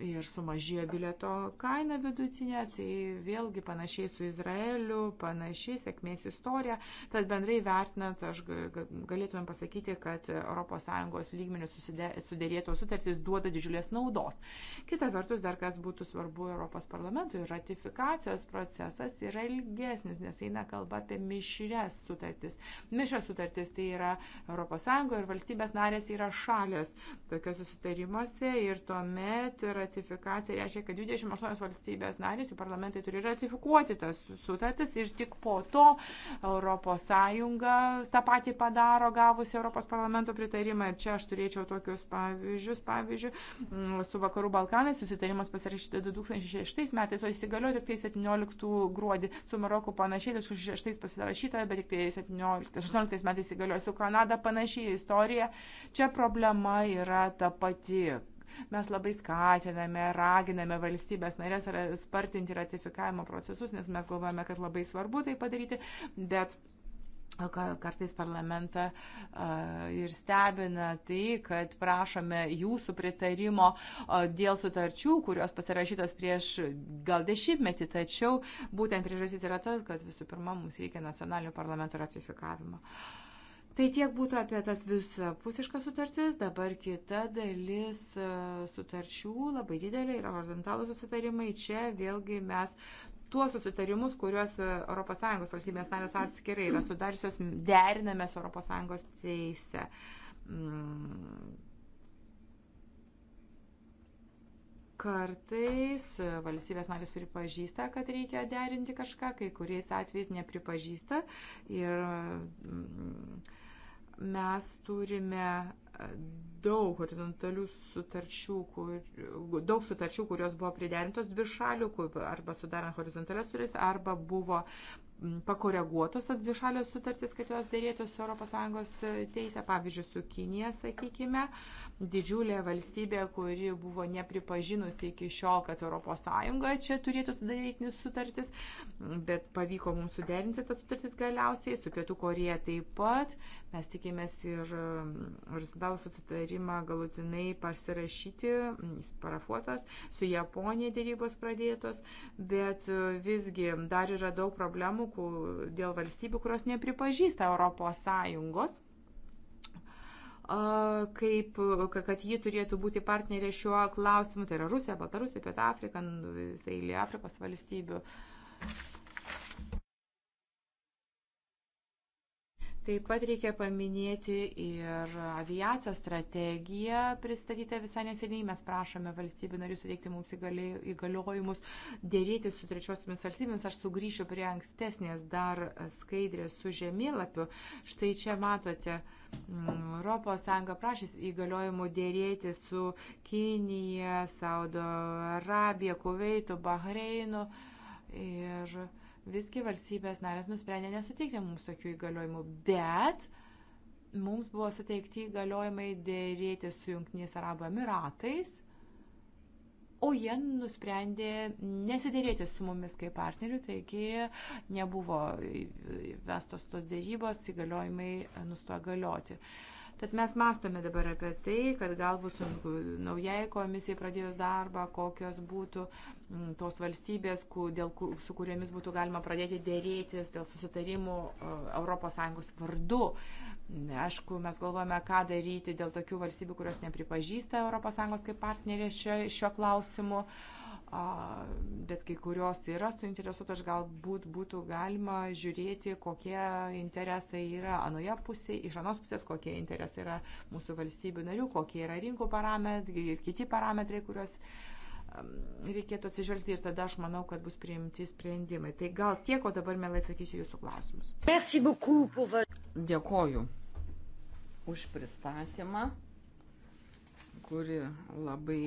ir sumažėjo bilieto kaina vidutinė, tai vėlgi panašiai su Izraeliu, panašiai sėkmės istorija. Tad bendrai vertinant, aš galėtumėm pasakyti, kad ES lygmenių sudėrėtos sutartys duoda didžiulės naudos. Kita vertus, dar kas būtų svarbu Europos parlamentui, ratifikacijos procesas yra ilgesnis, nes eina kalba apie mišrės sutartis. Mišrės sutartis tai yra ES ir valstybės narės yra šalės tokiuose sutarimuose ir tuomet yra ratifikacija reiškia, kad 28 valstybės narys, jų parlamentai turi ratifikuoti tas sutartis ir tik po to ES tą patį padaro, gavusi Europos parlamento pritarimą. Ir čia aš turėčiau tokius pavyzdžius, pavyzdžiui, mm, su Vakarų Balkanais susitarimas pasirašytas 2006 metais, o įsigaliojo tik tai 17 gruodį. Su Maroku panašiai, 2006 pasirašyta, bet tik tai 17, 18 metais įsigaliojo. Su Kanada panašiai istorija. Čia problema yra ta pati, Mes labai skatiname, raginame valstybės narės spartinti ratifikavimo procesus, nes mes galvojame, kad labai svarbu tai padaryti, bet kartais parlamentą ir stebina tai, kad prašome jūsų pritarimo dėl sutarčių, kurios pasirašytos prieš gal dešimtmetį, tačiau būtent priežastis yra tas, kad visų pirma mums reikia nacionalinių parlamentų ratifikavimo. Uh, Tai tiek būtų apie tas visapusiškas sutartis, dabar kita dalis e, sutarčių labai didelė yra horizontalų susitarimai. Čia vėlgi mes tuos susitarimus, kuriuos ES valstybės narės atskirai yra sudariusios, deriname su ES teise. Mm. Kartais e, valstybės narės pripažįsta, kad reikia derinti kažką, kai kuriais atvejais nepripažįsta. Ir, mm, mes turime daug horizontalių sutarčių, kur, daug sutarčių, kurios buvo priderintos dvišalių, arba sudarant horizontalias sutartis, arba buvo pakoreguotos tas dvišalės sutartis, kad jos dėrėtų su ES e, teisė, pavyzdžiui, su Kinija, sakykime, didžiulė valstybė, kuri buvo nepripažinusi iki šiol, kad ES čia turėtų sudaryti sutartis, bet pavyko mums suderinti tas sutartis galiausiai, su Pietų Korėja taip pat, mes tikimės ir, ir dal susitarimą galutinai pasirašyti, jis parafuotas, su Japonija dėrybos pradėtos, bet e, visgi dar yra daug problemų dėl valstybių, kurios nepripažįsta Europos Sąjungos kaip, kad ji turėtų būti partnerė šiuo klausimu, tai yra Rusija, Baltarusija, Pietų Afrika, visai Afrikos valstybių. Taip pat reikia paminėti ir aviacijos strategiją pristatytą visai neseniai. Mes prašome valstybių narių suteikti mums įgaliojimus dėrėti su trečiosiomis valstybėmis. Aš sugrįšiu prie ankstesnės dar skaidrės su žemėlapiu. Štai čia matote, mm, ES prašys įgaliojimų dėrėti su Kinija, Saudo Arabija, Kuveitu, Bahreinu. Ir Visgi valstybės narės nusprendė nesuteikti mums tokių įgaliojimų, bet mums buvo suteikti įgaliojimai dėrėti su Junktiniais Arabų Emiratais, o jie nusprendė nesidėrėti su mumis kaip partneriu, taigi nebuvo vestos tos dėrybos, įgaliojimai nustojo galioti. Uh, Tad mes mastome dabar apie tai, kad galbūt sunku naujai komisijai pradėjus darbą, kokios būtų mm, tos valstybės, dėl, su kuriomis būtų galima pradėti dėrėtis dėl susitarimų ES vardu. Aišku, mes galvojame, ką daryti dėl tokių valstybių, kurios nepripažįsta ES kaip partnerė šio, šio klausimu. Uh, bet kai kurios yra suinteresuotos, galbūt būtų galima žiūrėti, kokie interesai yra anoje pusėje, iš anos pusės, kokie interesai yra mūsų valstybių narių, kokie yra rinkų parametrai ir kiti parametrai, kuriuos reikėtų atsižvelgti ir tada aš manau, kad bus priimti sprendimai. Tai gal tiek, o dabar mielai atsakysiu jūsų klausimus. Dėkoju už pristatymą, kuri labai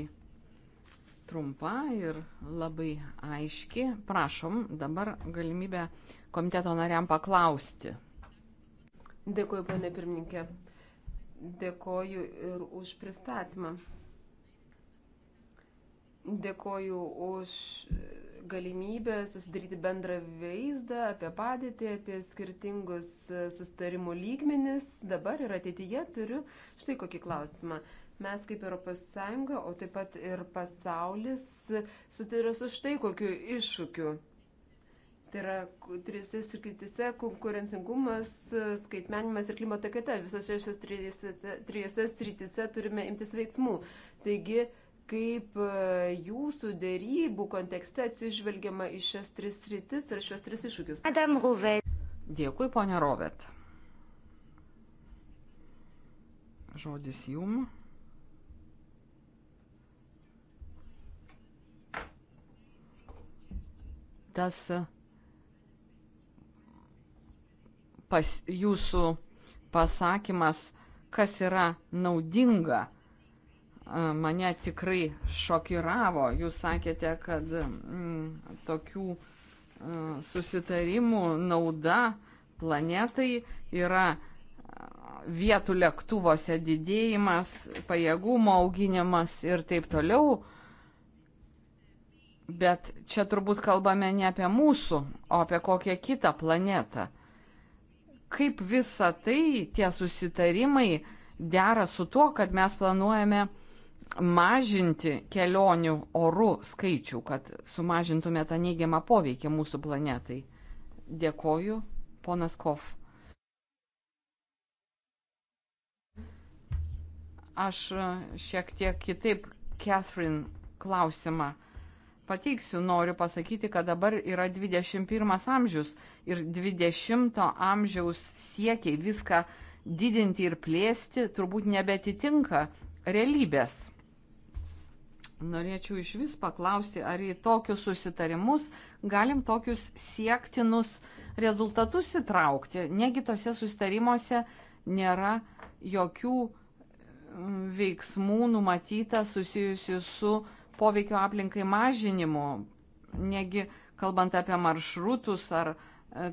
trumpa ir labai aiški. Prašom dabar galimybę komiteto nariam paklausti. Dėkuoju, ponė pirmininkė. Dėkuoju ir už pristatymą. Dėkoju už galimybę susidaryti bendrą vaizdą apie padėtį, apie skirtingus sustarimų lygmenis. Dabar ir ateityje turiu štai kokį klausimą. Mes kaip Europos Sąjunga, o taip pat ir pasaulis susiduria su štai kokiu iššūkiu. Tai yra trise skirtise konkurencingumas, skaitmenimas ir klimato kaita. Visose šiose trijose sritise turime imtis veiksmų. Taigi, kaip jūsų dėrybų kontekste atsižvelgiama į šias tris sritis ir šios tris iššūkius. Adam Ruvet. Dėkui, ponia Rovet. Žodis jums. tas e, pas, jūsų pasakymas, kas yra naudinga, e, mane tikrai šokiravo. Jūs sakėte, kad mm, tokių mm, susitarimų nauda planetai yra vietų lėktuvuose didėjimas, pajėgumo auginimas ir taip toliau. Bet čia turbūt kalbame ne apie mūsų, o apie kokią kitą planetą. Kaip visa tai, tie susitarimai dera su tuo, kad mes planuojame mažinti kelionių orų skaičių, kad sumažintume tą neigiamą poveikį mūsų planetai. Dėkoju, ponas Kof. Aš šiek tiek kitaip Catherine klausimą pateiksiu, noriu pasakyti, kad dabar yra 21 amžius ir 20 amžiaus siekiai viską didinti ir plėsti turbūt nebetitinka realybės. Norėčiau iš vis paklausti, ar į tokius susitarimus galim tokius siektinus rezultatus įtraukti. Negi tose susitarimuose nėra jokių mm, veiksmų numatyta susijusių su poveikio aplinkai mažinimu, negi kalbant apie maršrutus ar e,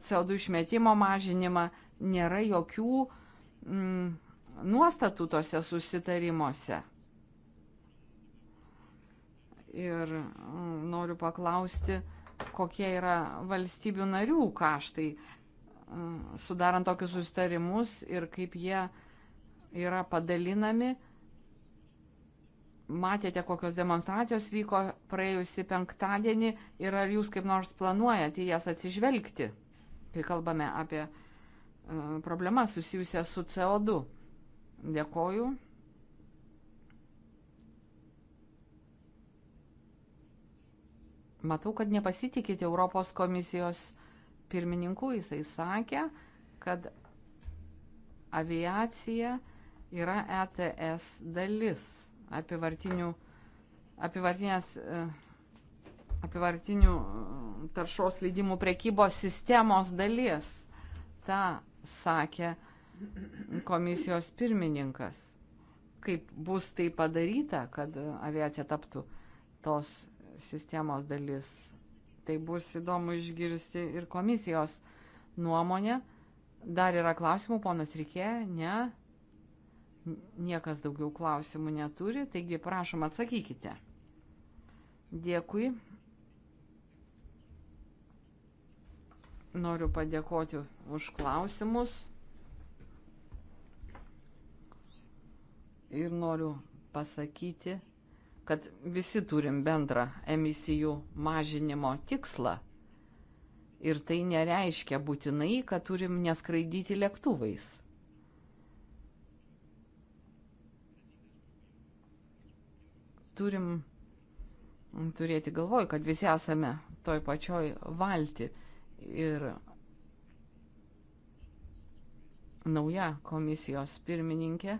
CO2 išmetimo mažinimą, nėra jokių mm, nuostatų tose susitarimuose. Ir mm, noriu paklausti, kokie yra valstybių narių kaštai mm, sudarant tokius susitarimus ir kaip jie yra padalinami matėte, kokios demonstracijos vyko praėjusi penktadienį ir ar jūs kaip nors planuojate jas atsižvelgti, kai kalbame apie e, problemas susijusias su CO2. Dėkoju. Matau, kad nepasitikite Europos komisijos pirmininku, jisai sakė, kad aviacija yra ETS dalis apivartinės e, apivartinių e, taršos leidimų prekybos sistemos dalies. Ta sakė komisijos pirmininkas. Kaip bus tai padaryta, kad aviacija taptų tos sistemos dalis. Tai bus įdomu išgirsti ir komisijos nuomonę. Dar yra klausimų, ponas Rikė, ne? Niekas daugiau klausimų neturi, taigi prašom atsakykite. Dėkui. Noriu padėkoti už klausimus. Ir noriu pasakyti, kad visi turim bendrą emisijų mažinimo tikslą. Ir tai nereiškia būtinai, kad turim neskraidyti lėktuvais. turim mm, turėti galvoj, kad visi esame toj pačioj valti. Ir nauja komisijos pirmininkė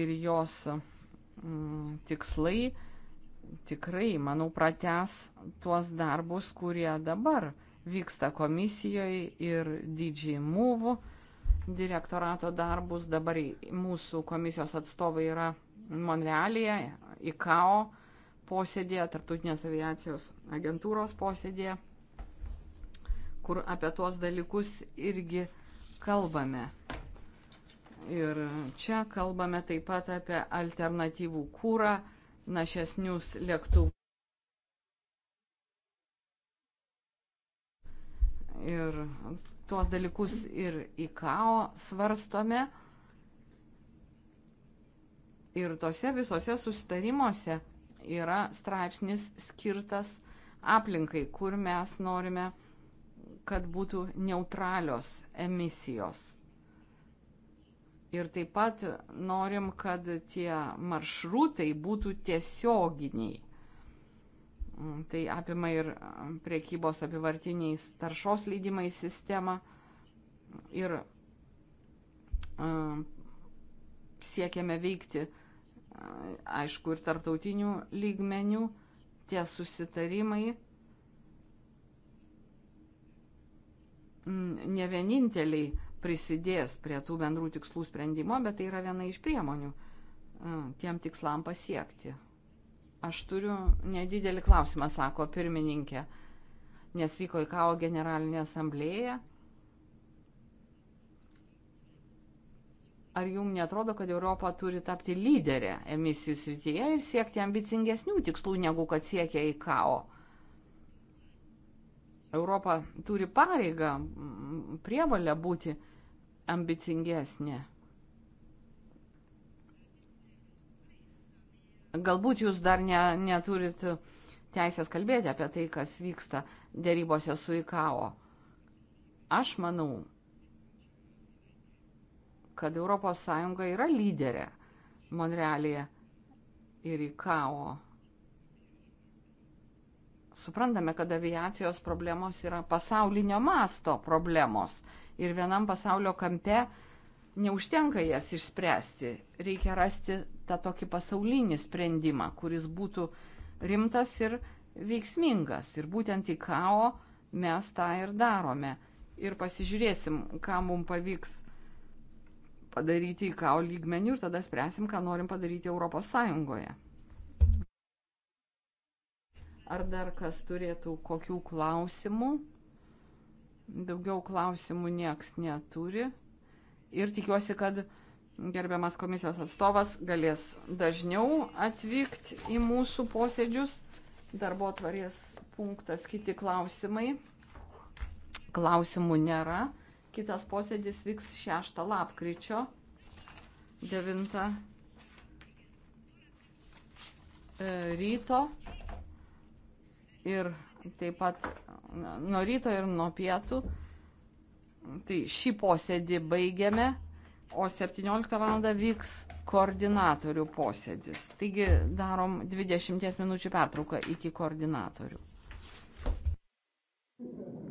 ir jos mm, tikslai tikrai, manau, prates tuos darbus, kurie dabar vyksta komisijoje ir didžiai mūvų direktorato darbus. Dabar mūsų komisijos atstovai yra Monrealėje, ICAO posėdėje, Tartutinės aviacijos agentūros posėdėje, kur apie tuos dalykus irgi kalbame. Ir čia kalbame taip pat apie alternatyvų kūrą, našesnius lėktuvus. Ir tuos dalykus ir į KAO svarstome. Ir tose visose sustarimuose yra straipsnis skirtas aplinkai, kur mes norime, kad būtų neutralios emisijos. Ir taip pat norim, kad tie maršrutai būtų tiesioginiai. Mm, tai apima ir mm, priekybos apivartiniais taršos leidimais sistemą ir mm, siekiame veikti, aišku, ir tarptautinių lygmenių tie susitarimai ne vieninteliai prisidės prie tų bendrų tikslų sprendimo, bet tai yra viena iš priemonių tiem tikslam pasiekti. Aš turiu nedidelį klausimą, sako pirmininkė, nes vyko į KAO generalinę asamblėją. Ar jums netrodo, kad Europa turi tapti lyderę emisijų srityje ir siekti ambicingesnių tikslų, negu kad siekia į KAO? Europa turi pareigą, prievalę būti ambicingesnė. Galbūt jūs dar ne, neturit teisės kalbėti apie tai, kas vyksta dėrybose su IKAO. Aš manau, kad ES yra lyderė Monrealėje ir IKAO. Suprantame, kad aviacijos problemos yra pasaulinio masto problemos ir vienam pasaulio kampe neužtenka jas išspręsti. Reikia rasti tą tokį pasaulinį sprendimą, kuris būtų rimtas ir veiksmingas. Ir būtent į KAO mes tą ir darome. Ir pasižiūrėsim, ką mums pavyks padaryti į KAO lygmenių ir tada spręsim, ką norim padaryti Europos Sąjungoje. Ar dar kas turėtų kokių klausimų? Daugiau klausimų nieks neturi. Ir tikiuosi, kad gerbiamas komisijos atstovas galės dažniau atvykti į mūsų posėdžius. Darbo tvarės punktas kiti klausimai. Klausimų nėra. Kitas posėdis vyks 6 lapkričio 9 e, ryto ir taip pat nuo ryto ir nuo pietų. Tai šį posėdį baigiame o 17 val. vyks koordinatorių posėdis. Taigi darom 20 minučių pertrauką iki koordinatorių. Thank you.